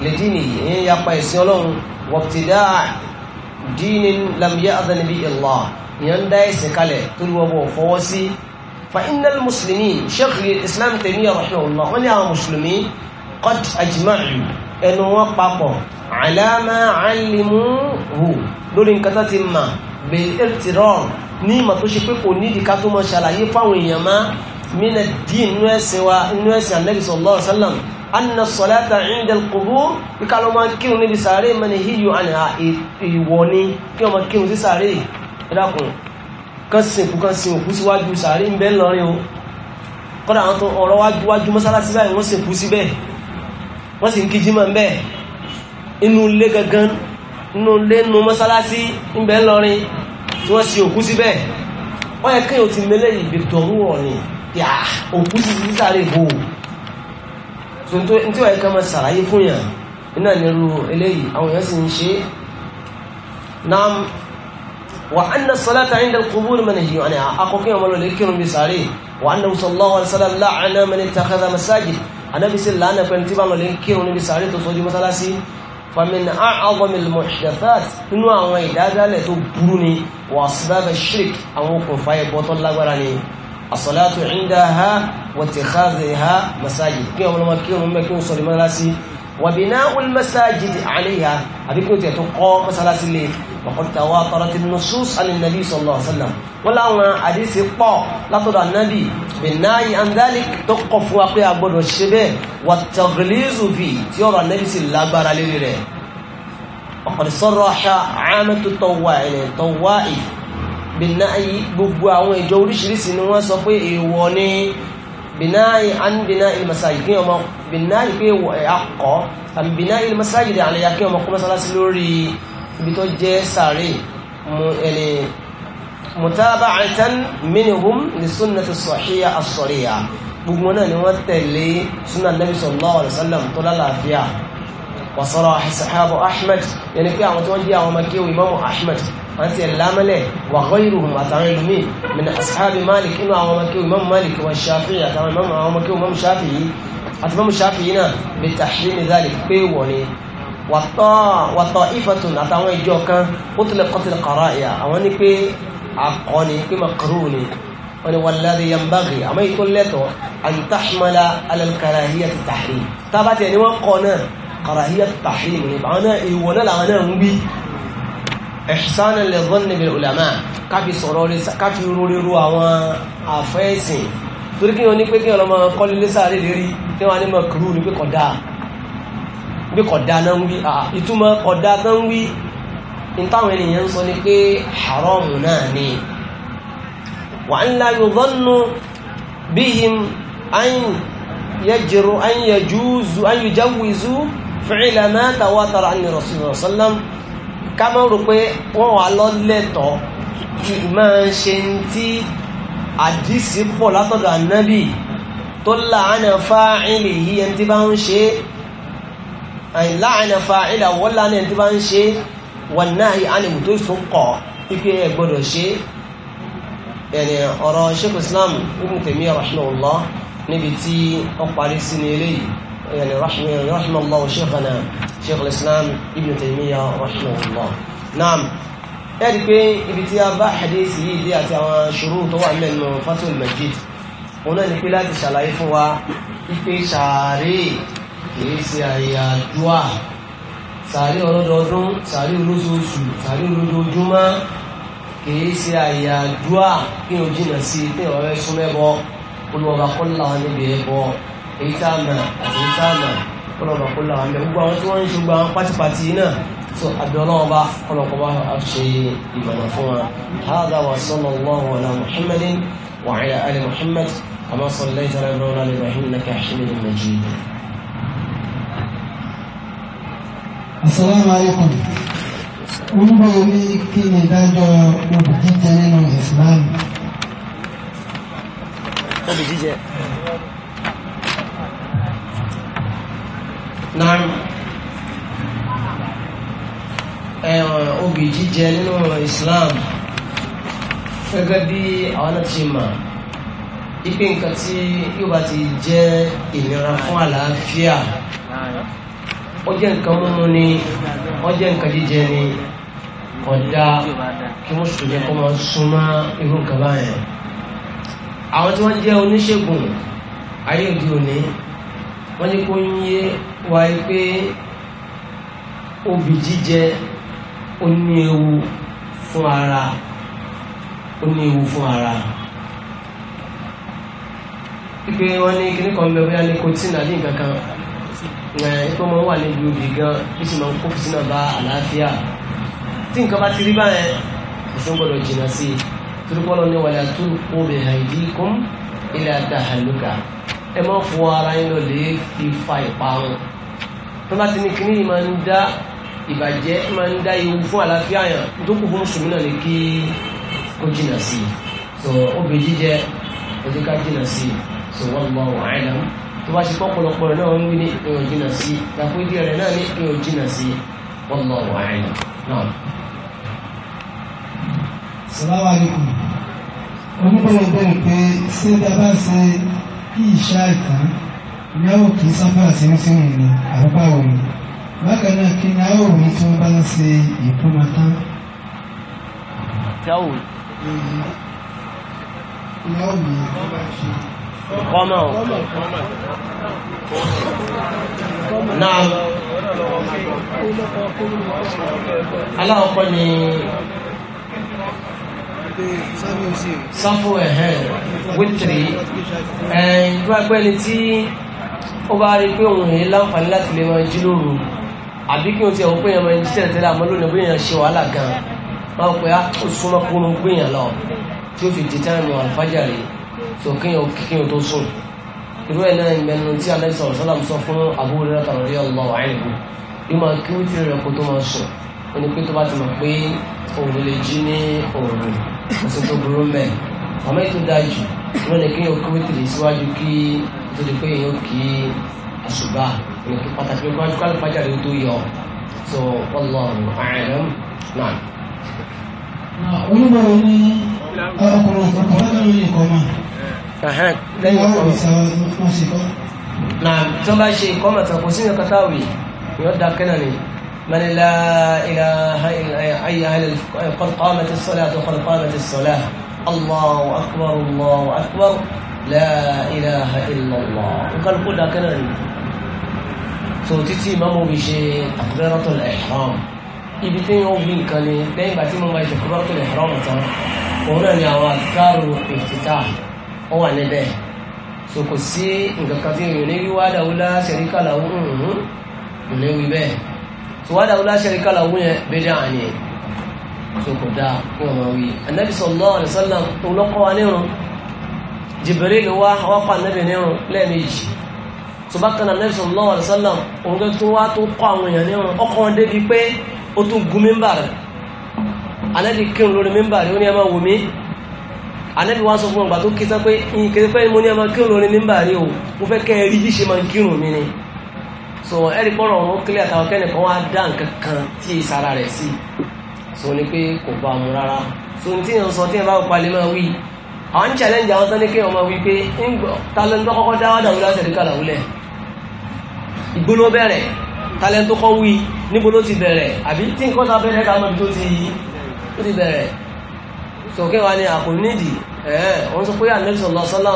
li dinihi èèyàn yapa ẹ̀sìn ọlọ́hùn wabtidaa dinin lam ya'dhan bihi Allah èèyàn ń dá ẹ̀sìn kalẹ̀ tó lè wọ́pọ̀ fọwọ́ sí fa innal muslimin sheikh islam Taymiyyah rahimahullah wọ́n ní àwọn mùsùlùmí qad ajma'u ẹnu wọn papọ̀ ala ma 'allimuhu lórí nǹkan tó ti mà bil irtirar ní ìmọ̀ tó ṣe pé kò ní ìdíká tó mọ̀ ṣàlàyé fáwọn èèyàn má mina dín inú ẹ̀sìn wa inú ẹ̀sìn Ànábì sallallahu alaihi wasallam anna salata inda al-qubur kíkà ló máa kírun níbi sàárè mẹ́ni híyù àná ìwọ ni kí wọ́n máa kírun sí sàárè ìdákùn kan sin òkú kan sin òkú síwájú sàárè ń bẹ ńlọrin o kọ́dà àwọn tó ọ̀rọ̀ wájú mọ́sálásí báyìí wọ́n sìnkú síbẹ̀ wọ́n sì ń kí jímọ̀ ń bẹ̀ inú ilé gangan inú ilé inú mọ́sálásí ń bẹ ńlọrin tí wọ́n ṣe òkú síbẹ̀ wọ́n yẹ kéèyàn ti mẹ́lẹ̀ ìbí dọ̀rú ọ̀rìn yà òkú sí sí sáré bò tó ní tí wọ́n yẹ ká máa ṣàlàyé fún yàn nínú àníru eléyìí àwọn èèyàn sì ń ṣe náà wà á nà sọ́látà ń dẹ̀kú búrú mẹ́rin yìí wọ́n akọ́kọ́ yẹn mọ́lọ́lẹ́ kírun bí sáré wà sallallahu alaihi wasallam láàánà mẹ́rin takada masajid anábìsí lánàá pẹ̀lú tí bá lọ́lẹ́ kírun níbi sáré tó sọ́jú mọ́sálásí فمن أعظم المحدثات إنه أعوان إدادة لتبروني وأسباب الشرك أموكم فاي بوطن لغراني الصلاة عندها واتخاذها مساجد كي أولا ما كي أولا ما كي وبناء المساجد عليها أبيك تقوى مسألة سليم وقد تواترت النصوص عن النبي صلى الله عليه وسلم ولا حديث قا لا ترى النبي بالنهي عن ذلك تقف وقيا بدر الشبه والتغليظ فيه يرى النبي صلى الله عليه وسلم وقد صرح عامة الطوائف بالنهي gbogbo àwọn ìjọ oríṣiríṣi ni wọ́n sọ pé èèwọ̀ ni bìnáyì an bìnáyì masajid kí ọmọ bìnáyì pé akọ àmì bìnáyì masajid àlẹyà kí ọmọ kó mọ́sálásí lórí ibi tó jẹ́ sàárè mu ẹni mutaba'atan minhum li sunnati sahiha as-sariha gbogbo náà ni wọ́n tẹ̀lé súnà nabi sallallahu alaihi wasallam tó lálàáfíà wàsọ́rọ̀ ahmed yẹni pé àwọn tó ń jẹ́ àwọn ọmọ kéwì imamu ahmed wọ́n ti ẹ̀lámẹ́lẹ̀ wà gọ́yìrù àtàwọn ìlúmí min asáàbí malik inú àwọn ọmọkí imam malik wa shafi àtàwọn imam àwọn ọmọkí imam shafi yìí àti imam shafi yìí náà bí tàṣí ní záàlì pé wọ̀ ni wàtọ̀ ìfẹ̀tùn àtàwọn ìjọ kan ó tilẹ̀ kọ́tìlẹ̀ kọ́ra ìyà àwọn ní pé akọni pé makaru ni wọ́n ni wọ́n lẹ́dí yambagi àmọ́ ìtò lẹ́tọ̀ àyùtàṣmọ́lá alẹ́kàràhíyà ti tàṣí tábàtì ẹni wọ́n kọ́ náà kàràhíyà ti tàṣí ni àwọn náà ìwọ náà làwọn náà ihsana li dhanni bil ulama káfí sọ̀rọ̀ rí káfí rúrírú àwọn àfẹ́ẹ̀sìn torí kí wọ́n ní pé kí ọlọ́mọ kọ́lé lẹ́sàárè lérí tí wọ́n á ní mọ̀ kúrú ní pé kọ̀dá bí kọ̀dá náà ń wí ìtumọ̀ kọ̀dá náà ń wí ní táwọn ènìyàn ń sọ ni pé haram náà ni wa an la yudhannu bihim an yajiru an yajuzu an yujawizu fi'la ma ká mọ́ rò pé wọ́n wà lọ́lẹ́tọ̀ máa ń ṣe ń tí àdìsí pọ̀ látọ̀dọ̀ ànábì tó láàánà fáìlì yìí ẹni tí bá ń ṣe láàánà fáìlì àwọn láàánà ẹni tí bá ń ṣe wà náà ánìmù tó sún kọ̀ pípé ẹ gbọ́dọ̀ ṣe ẹni ọ̀rọ̀ sheikh islam ibn Taymiyyah rahimahullah níbi tí ó parí sí ní eléyìí يعني رحم رحم الله شيخنا شيخ الإسلام ابن تيمية رحمه الله نعم ẹ̀rí pé ibi tí a bá hadith yìí dé àti àwọn ṣòro tó wà mẹ́nu fatul majid òun náà ni pé láti ṣàlàyé fún wa ipe ṣàárè kìí ṣe àyè àdúà ṣàárè ọlọ́dọọdún ṣàárè olóṣooṣù ṣàárè olójoojúmọ́ kìí ṣe àyè àdúà kí n ò jìnà sí i pé ọ̀rẹ́ súnmẹ́bọ olùwọ̀gbà kọ́ńtà wọn níbi ẹ̀bọ èyí tá a mọ̀ àti èyí tá a mọ̀ kọlọ̀bà kó lára mẹ́ gbogbo àwọn tí wọ́n ń ṣe gbogbo àwọn pátípátí náà tó àbíọ́lọ́wọ́ bá kọlọ̀kọ́ bá a ṣe ìmọ̀nà fún wa hádà wà sọ́nà lọ́wọ́ ọ̀nà muhammadin wà áyà ali muhammad kama sọ̀lẹ́ ìtara ìrọ̀lá lè rahim na kàṣílẹ̀ ní nàìjíríà. asalaamu alaykum wọ́n bọ̀ wí kí ni ìdájọ́ òbí jíjẹ nínú ìsìlámù. òbí jíjẹ. náà obì jíjẹ nínú Islam gẹ́gẹ́ bí àwọn náà ti mọ̀ ipe nǹkan tí yóò bá ti jẹ́ ìnira fún àlàáfíà ó jẹ́ nǹkan múmú ni ó jẹ́ nǹkan jíjẹ ni ọ̀dá kí mùsùlùmí kó máa súnmọ́ irú nǹkan báyẹn àwọn tí wọ́n jẹ́ oníṣègùn ayé òde òní wọ́n ní kó yé wa pé obì jíjẹ ó ní ewu fún ara ó ní ewu fún ara pípé wọ́n ní kíní kan bẹ́ẹ̀ bóyá ní kòtínà ní nǹkan kan ẹ̀ẹ́dẹ́gbọ́n máa ń wà níbi obì gan bí sì máa ń kó kòtínà bá àlàáfíà tí nǹkan bá ti rí báyẹn ìfún gbọ́dọ̀ jìnnà sí i torí pọ́lọ́ ní wàlẹ́ àtúnkù bẹ̀rẹ̀ ìdí kún ilẹ̀ àtàhàlùkà ẹ má fọ ara yín lọ lè fi fa ìparun tó bá ti ní kíní yìí máa ń dá ìbàjẹ́ máa ń dá ewu fún àlàáfíà yàn tó kù fún mùsùlùmí náà ní kí ó jìnà sí i so obì jíjẹ ẹjẹ ká jìnà sí i so wọn bá wọn àìlà tó bá ti pọ́ pọ̀lọpọ̀ rẹ̀ náà wọ́n ń gbé ní ìwọ̀n jìnà sí i dàpọ̀ ìdí rẹ̀ náà ní ìwọ̀n jìnà sí i wọn bá wọn àìlà náà. sàlámù alaykum onígbọ̀nà bẹ̀rẹ̀ pé ṣé dábàá ṣe kí ìṣá ìtàn ni a ó kí sábà tí ń sìn ní àbúgbà òní bákan náà kí ni a ó rí tí wọ́n bá ń ṣe ìkómọ tán. Kọ́mọ̀ náà aláwọ̀ kọ́ ni sáfù ẹ̀hẹ́ wítìrì ẹ̀yìn tó ẹgbẹ́ ni tí ó bá rí pé òun èyí láǹfààní láti lè máa jí lóru àbí kí wọ́n ti ẹ̀wọ̀n pé èèyàn máa ń jí tẹ̀lé tẹ́lẹ̀ àmọ́ lónìí pé èèyàn ṣe wàhálà gan-an máa ń pè á ah, ó súnmọ́ kúrú gbìyàn lọ tí ó fi di táìmù àlùfájà rèé tó kéèyàn kéèyàn tó sùn irú ẹ̀ náà ìgbẹ́nu tí alẹ́ sọ̀rọ̀ sọ́lá sọ fún Abu Hurairah radiyallahu anhu yóò máa kí wítìrì rẹ̀ kó tó máa sùn ẹni pé tó bá ti mọ̀ pé òun lè jí ní òru àti tó burú mẹ́ àmọ́ ètò dájú wọn ni kéèyàn kó wítìrì síwájú kí tó di pé èèyàn kì í àṣùbà èèyàn kí pàtàkì pé wájú kálù fájà rẹ tó yọ so wallahu a'lam náà. olùbọ̀wọ̀ ni ọkùnrin ọkùnrin lórí nǹkan mọ̀ lẹ́yìn ọkùnrin ìṣàwọ̀ ọ̀sìn kan. náà tí wọ́n bá ṣe ìkọ́mọ̀tàn kò sí من لا إله إلا أي أهل قد قامت الصلاة وقد قامت الصلاة الله أكبر الله أكبر لا إله إلا الله وقال كل كان صوتي ما مو بشيء تكبيرة الإحرام ibi tí yóò gbé nǹkan ni lẹ́yìn ìgbà tí mo máa ìṣèkúrọ́ tó lè rọrùn tán òun náà ni àwọn àkárò ìfìtà ó wà níbẹ̀ so kò sí nǹkan kan tí yóò ní wíwá làwùlá ṣẹ̀ríkà làwùrùn ní wí bẹ́ẹ̀ tòwádà oláṣẹ́ríkà làwọn yẹn bẹ́dẹ̀ àní ẹ̀ tó kò dáa fún ọmọ wí anábì sallallahu alaihi wasallam olókọ́ wa nírun Jibril wá wákọ̀ anábì nírun lẹ́ẹ̀mejì tó bá kan anábì sallallahu alaihi wasallam òun tó tó wá tó kọ́ àwọn èèyàn nírun ọkọ̀ débi pé ó tún gun mímbà rẹ̀ anábì kírun lórí mímbà rẹ̀ ó ní ẹ máa wò mí anábì wá sọ fún ọgbà tó kí sá pé ìkẹ́sẹ́ pé mo ní ẹ kírun lórí mímbà rẹ̀ o mo fẹ́ kẹ́ ẹ rí bí ṣe máa kírun mi ni so ẹ̀rí pọ́nrọ̀ wọn kílẹ̀ àtàwọn kẹ́nìkan wá dá nǹkan kan tí èyí sára rẹ̀ sí so ni pé kò bá mu rárá so ní tí yẹn sọ tí yẹn bá palẹ̀ máa wí àwọn ń challenge àwọn tán ní kí wọ́n máa wí pé talent tó kọ́kọ́ dáwọ́ dàwúlẹ̀ àti ẹ̀ríkà dàwúlẹ̀ ìgbóná bẹ̀rẹ̀ talent tó kọ́ wí níbo ló ti bẹ̀rẹ̀ àbí tí nǹkan tá bẹ̀rẹ̀ ká mọ̀bí tó ti bẹ̀rẹ̀ so kí wọ́n ní àpò nídìí ẹ̀ wọ́n sọ pé ànẹ́bí sọ̀lá sọ́lá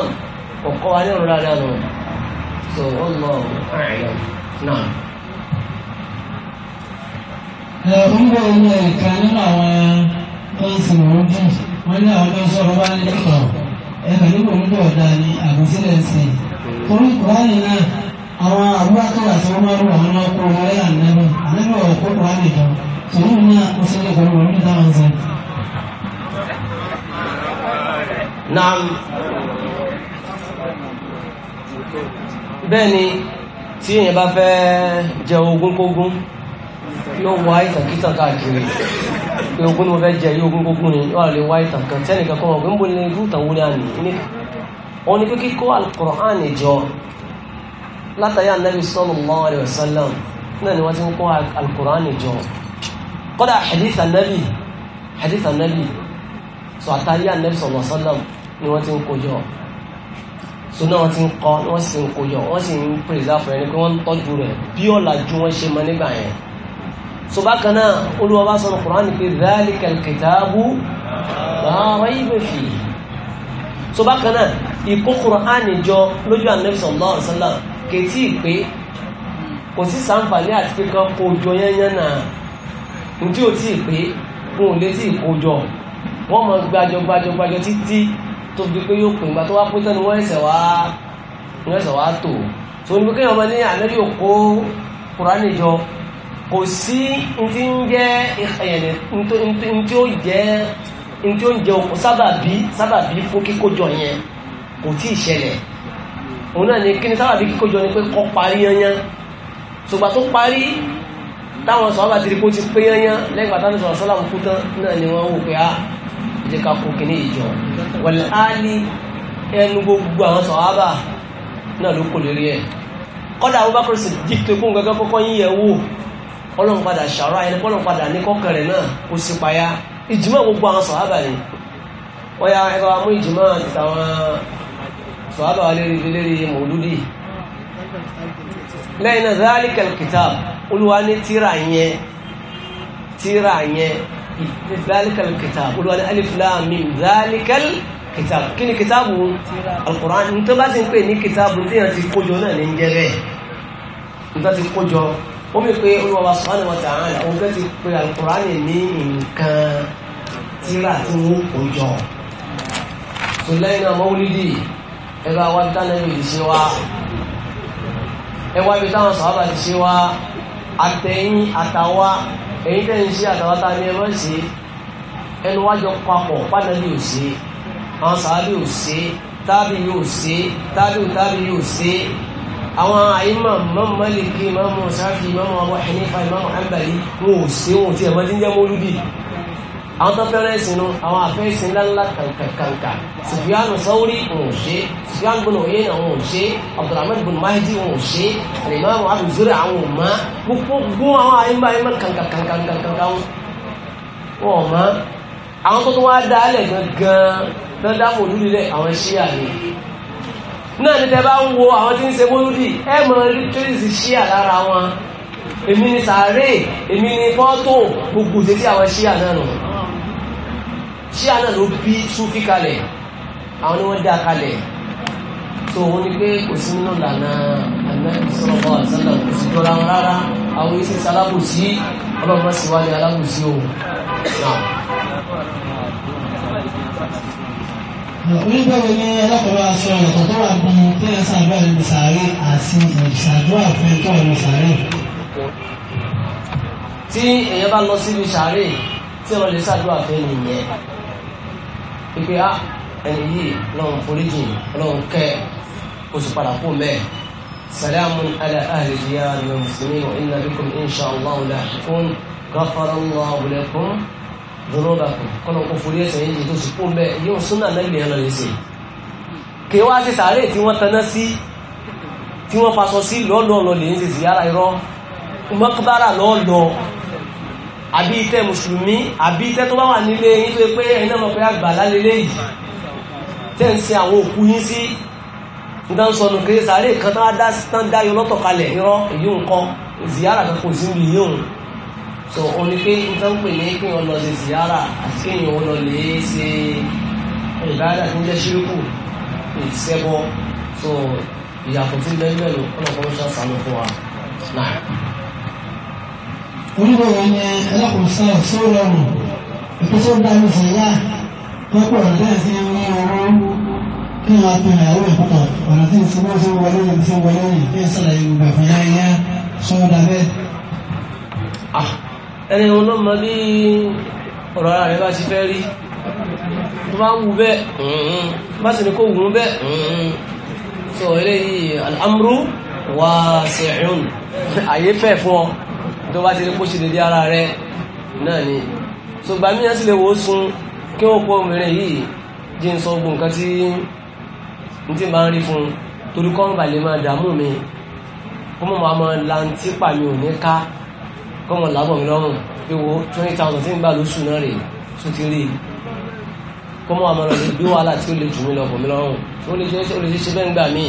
ọ̀kọ́ wa ní ọ̀rọ̀ dáadáa nù so wọ́n lọ àìyàn náà. ẹ ń bọ̀ ní ẹ̀ka nínú àwọn kọ́ńsìn òrùdì wọ́n ní àwọn tó ń sọ̀rọ̀ wá lẹ́kọ̀ọ́ ẹ̀ka nígbà òrùdì ọ̀dà ni àgùntìlẹ̀ sí i. torí kùránì náà àwọn àbúrákàrà tí wọ́n máa ń wà nínú ọkọ̀ ọ̀rẹ́ ànábì ànábì ọ̀kọ́ kùránì kan tòun náà ó sì lè pẹ̀lú òrùdì tí èyàn bá fẹ́ jẹ ogún kógún yóò wá ìtàn kítàn káàkiri pé ogún ni mo fẹ́ jẹ yóò ogún kógún ni yóò lè wá ìtàn kan tẹ́nìkan kan ọ̀gbìn bóni irú ìtàn wo ni a nì wọn ni pé kíkọ́ alukur'an jọ látàrí anabi sallallahu alaihi wasallam náà ni wọ́n ti ń kọ́ alukur'an jọ kódà hadith anabi hadith anabi sọ àtàrí anabi sallallahu alaihi ni wọ́n ti ń kó jọ sọ́nà wọn ti ń kọ́ wọ́n sì ń koyọ̀ wọ́n sì ń pèsèfò ẹni pé wọ́n ń tọ́jú rẹ̀ bí ọ̀làjú wọn ṣe mọ nígbà yẹn so bákan náà olúwa bá sọ Kùránì pé dhalika al-kitabu la rayba fihi so bákan náà ìkó Kùránì jọ lójú Ànábì sallallahu alaihi wasallam kètí kò sí sàǹfààní àti pé kan kó náà ntí ò tí ì pé wọn lè tí ì kó wọn mọ gbàjọ títí tó fi pé yóò pè ìgbà tó wá pé tán ni wọ́n ẹ̀sẹ̀ wá ni wọ́n ẹ̀sẹ̀ wá tò tó ní kéèyàn ọmọ ní ànábì òkó kùránì jọ kò sí ntí ń jẹ́ ẹ̀yẹ̀dẹ̀ ntí ó jẹ́ ntí ó ń jẹ́ òkú sábàbí sábàbí fún kíkójọ yẹn kò tí ì ṣẹlẹ̀ òun náà ni kí ni sábàbí kíkójọ ni pé kọ́ parí yányán ṣùgbà tó parí táwọn sọ̀rọ̀ bá ti rí kó ti pé yányán lẹ́gbàá táwọn sọ̀rọ̀ sọ́làmù kú tán náà ni wọ́n wò pé á ah, jẹ́ ká kó kíní ìjọ wal ali ẹnu gbogbo àwọn sọ̀hábà náà ló kò lérí ẹ̀ kọ́dà Abubakar Siddiq tó kún gẹ́gẹ́ kọ́kọ́ yín yẹ̀ wò ọlọ́run padà ṣàrọ̀ ayẹni kọ́lọ́run padà ní kọ́kàn náà kó sì payá ìjìmọ̀ gbogbo àwọn sọ̀hábà ni wọ́n ya ẹ̀rọ amú ìjìmọ̀ àtàwọn sọ̀hábà wa lérí lérí mòlúdì lẹ́yìn náà zalikal kitab olúwa ní tíra yẹn tíra yẹn ذلك الكتاب قولوا الالف لام ميم ذلك الكتاب kí ni kìtàbù alkùránì ní tó bá ti ń pè ní kìtàbù tí yàn ti kójọ náà ní jẹ́ rẹ̀ ní tó ti kójọ ó mi pé olùwàwà sọ́nà wọ́ta àárẹ̀ òun fẹ́ ti pè alkùránì ní nǹkan tíra tí wọ́n kójọ tó lẹ́yìn náà mọ́wúlídì ẹ̀rọ àwọn dáná yìí ṣe wá ẹwà ibi táwọn sọ̀rọ̀ àti ṣe wá àtẹ̀yìn àtàwá èyí tẹ́ ń ṣe àtàwátá ni ẹ mọ́ sí ẹnu wájọ papọ̀ pánàlì ò sí àwọn sàábì ò sí tábì yóò sí tábì tábì yóò sí àwọn àyímọ̀ mọ́mọ́lì kí mọ́mọ́ sáfì mọ́mọ́ Abu Hanifa mọ́mọ́ Hanbali wọn ò sí wọn ò tiẹ̀ mọ́ àwọn tó fẹ́ràn ẹ̀sìn nu àwọn àfẹ́sìn ńláńlá kàǹkàǹkà Sufyan Sauri òun ò ṣe Sufyan gbọ́nà òye náà òun ò ṣe Abdulrahman bin Mahdi òun ò ṣe Imam Abu Zur'a àwọn ò má gbogbo àwọn àyínbá àyínbá kàǹkàǹkàǹkàǹkà wọn ò má àwọn tó tó wá dá alẹ̀ gangan tó dáàbò lúlẹ̀ àwọn ṣíà ni náà ní tẹ́ bá ń wo àwọn tí ń ṣe mọ́lúdì ẹ mọ̀ rí tírìsì ṣíà lára wọn èmi ni sàárè èmi ni fọ́tò gbogbo ìṣesí àwọn ṣíà náà nù ṣíà náà ló bí súfì kalẹ̀ àwọn ni wọ́n dá kalẹ̀ tó wọ́n ní pé kò sí nínú ìlànà Ànábì sallallahu alaihi wasallam kò sí jọra wọn rárá àwọn yìí ṣe alábòsí ọlọ́pàá sì wá ní alábòsí o náà. onígbàgbọ́ ní ọlọ́pàá aṣọ ọ̀tọ̀ tó wà bí tẹ́lẹ̀ sàgbà ní sàárè àti ìṣàdúrà fún ẹ̀tọ́ ìlú sàárè. tí èèyàn bá lọ síbi sàárè tí ọ̀rọ̀ lè sàdúrà fẹ́ nìyẹn pípé á ah, ẹni yìí lọ́run foríjì lọ́run kẹ́ kó sì padà kó mẹ́ẹ̀. سلام على أهل الديار من المسلمين وإن بكم إن شاء الله لاحقون غفر الله لكم ذنوبكم kọ́nà kò forí ẹ̀ṣẹ̀ yìí tó sì kún bẹ́ẹ̀ yóò súnà lẹ́gbẹ̀ẹ́ ẹ̀rọ yìí sí kí wá sí sàárè tí wọ́n taná sí tí wọ́n fasọ sí lọ́lọ́ọ̀lọ́ lè ń ṣe sí yàrá irọ́ àbí ìtẹ́ mùsùlùmí àbí ìtẹ́ tó bá wà nílé yín tó pé ẹ̀yin náà mọ̀ pé àgbà lálélé yìí tẹ́ ń sin àwọn òkú yín sí nígbà ń sọnù kiri sàárè kan tán dá tán dá èyí nǹkan ziyara kan kò sí nílùú yóò so òun ni pé nǹkan pè ní kí wọn lọ sí ziyara àti kí wọn lọ lè ṣe ìbáradà tó ń jẹ́ ṣírùkù ìṣẹ́bọ so ìyàtọ̀ tí ń bẹ́ẹ̀ bẹ́ẹ̀ lọ kọ́nà kọ́nà ṣàṣàlù fún oníbẹ̀ yẹn ní ẹlẹ́kùnsá sórọ̀rùn ìpèsè báyìí sí yá pẹ́pẹ́ ọ̀rọ̀ náà sí ní owó kí wọ́n á pinnu àwọn ìpúpọ̀ ọ̀rọ̀ tí ń sinmi sí wọlé yẹn sí wọlé yẹn kí ń sàlàyé gbogbo ẹ̀fọn yá yá sọ́ọ́dà bẹ́ẹ̀. ẹni wọn náà mọ bí ọ̀rọ̀ ara rẹ̀ bá ti fẹ́ rí tó bá ń wù bẹ́ẹ̀ bá sì ní kó wù ú bẹ́ẹ̀ sọ eléyìí al-amru wasi'un àyè fẹ́ fún ọ tó bá ti rí kóṣì dédé ara rẹ náà ni so gbàmí yẹn sì lè wò ó sun kí wọ́n kó obìnrin yìí jí n sọ ogun nǹkan tí n ti máa ń rí fún un torí kọ́ ń bà máa dààmú mi kó mọ̀ máa máa lantí pa mi ò ní ká kọ́ mọ̀ lábọ̀ mi lọ́rùn pé wo twenty thousand tí ń gbà lóṣù náà rèé tó ti rí i kó mọ̀ àmọ́ lọ́dún bí wàhálà tí ó lè jù mí lọ bọ̀ mí lọ́rùn ó lè ṣe bẹ́ẹ̀ ń gbà mí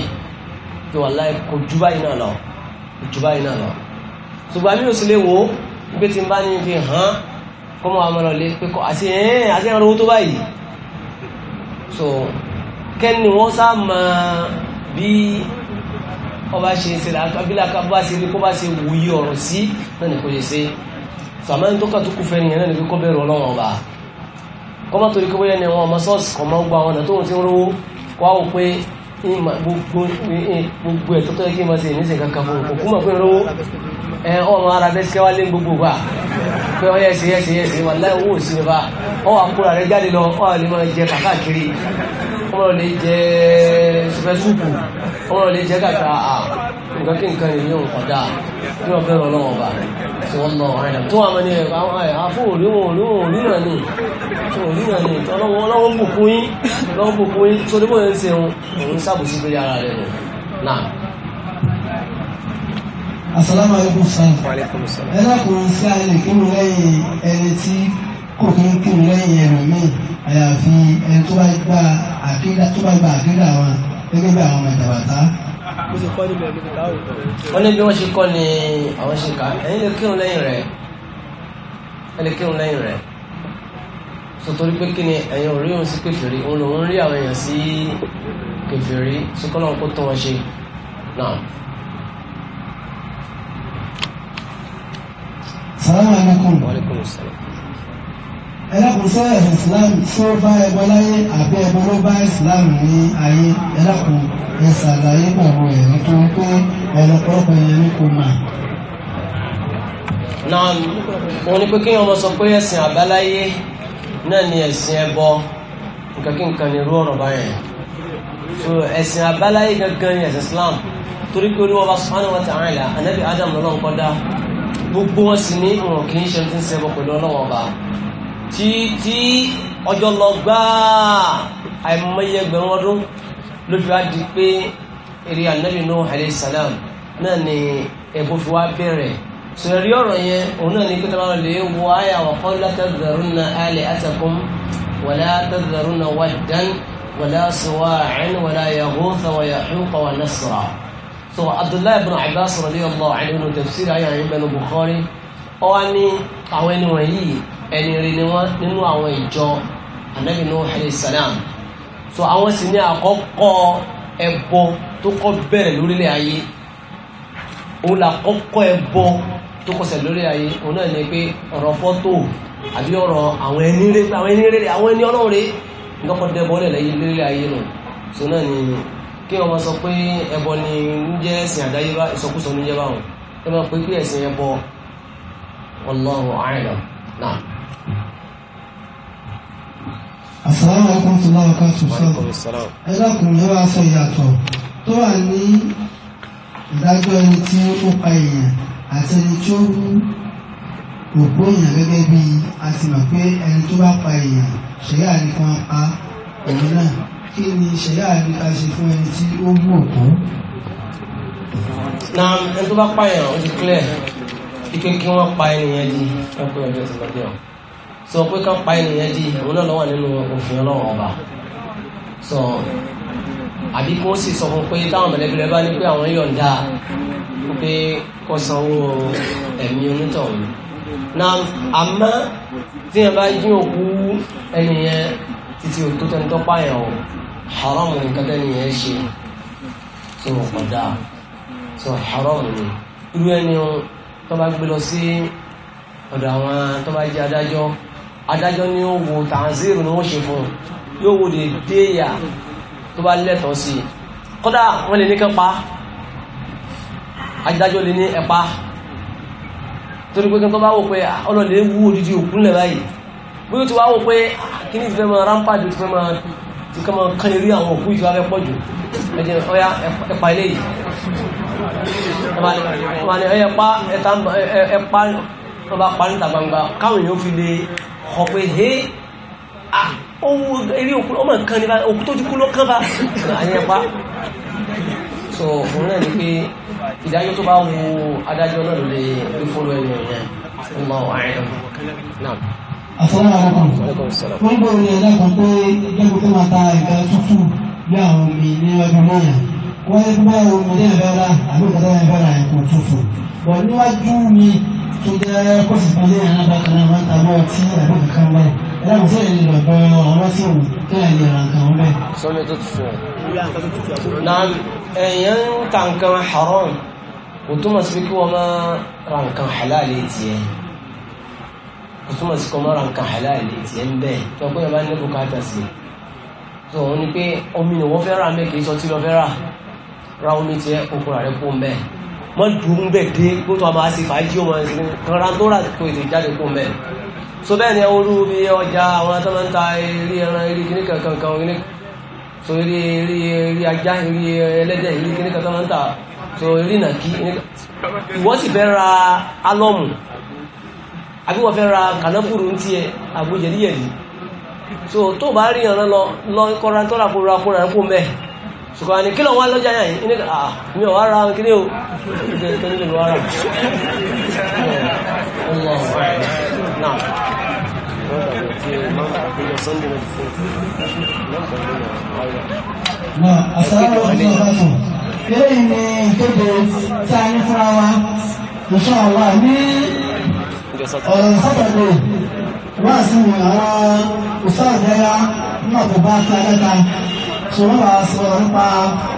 tó wà láì kó báyìí náà lọ jù báyìí náà lọ ṣùgbọ́n mi ò sì lè wò ó pé tí n bá ní fi hàn kọ́ mọ́ àmọ́ lọ́lé pé kọ́ àti ẹ̀ẹ́n àti ẹ̀rọ owó tó báyìí so kẹ́ni wọ́n sá mọ bí ọba ṣe ń ṣẹlẹ̀ abílà bá ṣe ní kó bá ṣe wòye ọ̀rọ̀ sí náà ní kò lè ṣe sàmá tó kà tó kù fẹ́ nìyẹn náà ní kó bẹ̀rù ọlọ́wọ́n ọba kọ́ mọ́ torí kó bóyá ni wọn ọmọ sọ́ọ̀sì kọ́ mọ́ gbọ́ àwọn ọ̀nà tóun ti ń rówó kó wá wò pé ìmà eh, eh, gbogbo ẹ̀ tó tọ́ kí n máa ṣe ìníṣẹ́ kankan fún òkú mọ̀ pé rówó ẹ ọmọ ara bẹ́ ṣẹ́wá lé gbogbo wa pé ọ yẹ ṣe yẹ ṣe yẹ ṣe wà láì owó òsì nípa ọ wà kúra rẹ jáde lọ ọ lè máa jẹ kàkà kiri ọmọ lè jẹ ṣùfẹ́ súpù ọmọ lè jẹ kàkà àwọn nǹkan kí nǹkan yìí yóò kọjá ní ọbẹ̀ rẹ̀ ọlọ́wọ́ bá tí wọ́n náà àìdá tó wà mẹ́ni ẹ̀rọ àwọn àfọ́ òríwọ̀n òríwọ̀n òríwọ̀n ní òríwọ̀n ní ọlọ́wọ́ ọlọ́wọ́ bùkún yín ọlọ́wọ́ bùkún yín tó débò yẹn ń ṣe òun sábòsí pé yàrá rẹ̀ nù náà. Assalamu alaikum sáà ẹ lákùnrin sí àìlè kí mo lẹ́yìn ẹni tí kò kí ń kí mo lẹ́yìn ẹ̀rọ mi àyàfi ẹni tó bá tó bá gba àkídà wọn gẹ́gẹ́ bí àwọn ọmọ ìdàbàtà wọ́n ní bí wọ́n ṣe kọ́ ni àwọn ṣe kà ẹ̀yin lè kírun lẹ́yìn rẹ̀ ẹ̀ lè kírun lẹ́yìn rẹ̀ sotori pé kí ni ẹ̀yin ò rí òun sí kẹfìrí òun lòun rí àwọn èèyàn sí kẹfìrí sọkọlọ́n kó tó wọn ṣe náà. salaam alaikum. salaam ẹlẹ́kùnsẹ́ islam tí ó bá ẹgbẹ́ láyé àbí ẹgbẹ́ ló bá islam ní ayé ẹlẹ́kùn ẹ̀sàlàyé pẹ̀lú ẹ̀rí tó ń pé ẹlẹ́pọ̀lọpọ̀ ẹ̀yẹn ní kò máa. náà wọn ni pé kí wọn sọ pé ẹ̀sìn àbáláyé náà ni ẹ̀sìn ẹbọ nǹkan kí nǹkan ni irú ọ̀rọ̀ báyẹn so ẹ̀sìn àbáláyé gangan ni ẹ̀sìn islam torí pé olúwa subhanahu wa ta'ala anabi adam lọ́lọ́ gbogbo wọn sì ní ìwọ̀n kì í ṣe ti ń ṣẹbọ pẹ̀lú ọlọ́wọ́ ọba tí tí ọjọ́ lọ gbáà àìmọye ẹgbẹ̀rún ọdún ló fi wá di pé eré anabi Nuh alayhi salam náà ni ẹ̀bù fi wá bẹ̀rẹ̀ sọ̀rọ̀ ọ̀rọ̀ yẹn òun náà ní pé tọ́lá lè wọ àyà wa qala tadharunna alihatakum wala tadharunna waddan wala suwa'an wala yaghutha wa yahuqa wa nasra. so abdullahi ibn abbas radiyallahu anhu tafsir àyà yẹn bẹ́ẹ̀ ní bukhari ọ̀wá ní àwọn ẹni rí ni wọ́n nínú àwọn ìjọ anabi nuhu alayhi salam so àwọn sì ní àkọ́kọ́ ẹbọ tó kọ́ bẹ̀rẹ̀ lórílẹ̀ ayé òun là kọ́kọ́ ẹbọ tó kọsẹ̀ lórí ayé òun náà ni pé ọ̀rọ̀ fọ́tò àbí ọ̀rọ̀ àwọn ẹni rere àwọn ẹni rere àwọn ẹni ọlọ́run rè lọ́kọ̀ dẹ́bọ lẹ́lẹ́yìn lórí ayé nù so náà ni kí wọ́n máa sọ pé ẹbọ ni ń jẹ́ ẹ̀sìn àdáyébá ìsọkúsọ ní jẹ́ báwọn ẹ máa pé pé ẹ̀sìn ẹbọ wallahu a'lam náà. Assalamu alaikum tó láwọn ká tún sọ ẹ dákun ẹ wá sọ ìyàtọ̀ tó wà ní ìdájọ́ ẹni tí ó pa èèyàn àti ẹni tí ó wú òpó èèyàn gẹ́gẹ́ bí a ti mọ̀ pé ẹni tó bá pa èèyàn ṣẹ̀yà ni kan pa òun náà kí ni ṣẹ̀yà ni ká ṣe fún ẹni tí ó wú òpó. na ẹni tó bá pààyàn ó ti clear ike kí wọ́n pa ẹni yẹn di ẹgbẹ́ ọjọ́ ìsìnkú sọ pé ká pa ènìyàn di ìyàwó náà lọ́wọ́ nínú òfin ọlọ́run ọba sọ àbí kó sì sọ fún pé táwọn mẹ̀lẹ́bí rẹ̀ bá ní pé àwọn yọ̀ǹda pé kó sanwó ẹ̀mí onítọ̀hún náà àmọ́ tí yẹn bá yín òkú ẹnìyẹn títí òtó tẹnitọ́ pààyàn o haram ni nǹkan tẹ́nìyẹn ṣe tí wọ́n kọ̀ dáa sọ haram ni irú ẹni tó bá gbé lọ sí ọ̀dọ̀ àwọn tó bá jẹ́ adájọ́ adájọ́ ni ó wo tàǹsírù ni wọ́n ṣe fún un yóò wo lè dé ìyà tó bá lẹ́tọ̀ọ́ sí i kódà wọ́n lè ní kẹ́ pa adájọ́ lè ní ẹ̀pa torí pé kí n tó bá wò pé ah, ọlọ́lẹ̀ wú odidi òkun lẹ̀ báyìí bóyá tí wá wò pé ah, kí ní ti fẹ́ máa rampart ti fẹ́ máa tí ká máa kán lérí àwọn òkú ìjọba pọ̀ jù ẹjẹ ọya ẹ̀pà ilé yìí ẹ̀pà ẹ̀ta ẹ̀pà ọba parí ìta gbangba káwọn èèyàn fi lè kọ̀ pé hé ohun eré òkú ọmọ nǹkan ní bá òkú tó dúkú ló kán bá àyẹ̀pá so òun náà ni pé ìdájọ́ tó bá wo adájọ́ náà lè ló fọ́lọ́ ẹni ẹ̀yẹn ó máa wà áyẹ̀ náà. Assalamu alaikum. wọ́n gbọ́ orí ẹ̀dá kan pé ẹgbẹ́ tó máa ta ẹ̀ka tútù bí àwọn omi ní ọdún náà wọ́n ní bí báyọ̀ omi ní ẹ̀fẹ́ rà àbí ìkọ́tà ẹ̀fẹ́ rà ẹ̀kọ́ tútù bọ̀ níwájú mi tó jẹ́ kóòsì kan ní àná bákan náà máa ń tabọ́ ọtí àbí kankan báyìí ẹ̀rọ fún ẹ̀yìn lọ bọ́ ọwọ́ sí òun kí ẹ̀ lè ra nǹkan bẹ́ẹ̀. sọ́lẹ̀ tó tutù rẹ̀. na ẹ̀yàn ń ta nǹkan haram kò túmọ̀ sí kí wọ́n máa ra nǹkan halal tiẹ̀ kò túmọ̀ sí kí wọ́n máa ra nǹkan halal tiẹ̀ ń bẹ́ẹ̀ tó ọkọ̀ yẹn bá ní bùkátà sí tó òun ni pé omi ni wọ́n fẹ́ rà mẹ́kì mọ́ dùn ún bẹ̀ dé kó tó a máa ṣe fàájì ọmọ ẹ̀sìn kanra tó rà tó ètò ìjáde kó mẹ́ so bẹ́ẹ̀ ni olú bí ọjà àwọn atọ́mọ́ta eré ẹran eré kíní kankan kan so eré eré eré ajá eré ẹlẹ́dẹ̀ eré kíní kan tọ́mọ́ta so eré nàkí ìwọ sì fẹ́ ra álọ́mù àbí wọ́n fẹ́ ra kànáfùrù ń tiẹ̀ àgbójẹ̀díyẹ̀dì so tó bá rí ẹran lọ lọ kọ́ra tó rà kó rà kó rà kó mẹ́ẹ̀ ṣùgbọ́n ní kí lọ wá lọ́jà yà yìí nígbà àà mi ò wára kí ní o ṣe tó nílò wára Eléyìí ni ìkéde tí a ní fúnra wa, ìṣọ́ọ̀wà ọ̀rọ̀ sátọ̀dẹ̀ wá sí àwọn òṣàdẹ́ra nígbà tó bá sí adáta 什么嘛？什么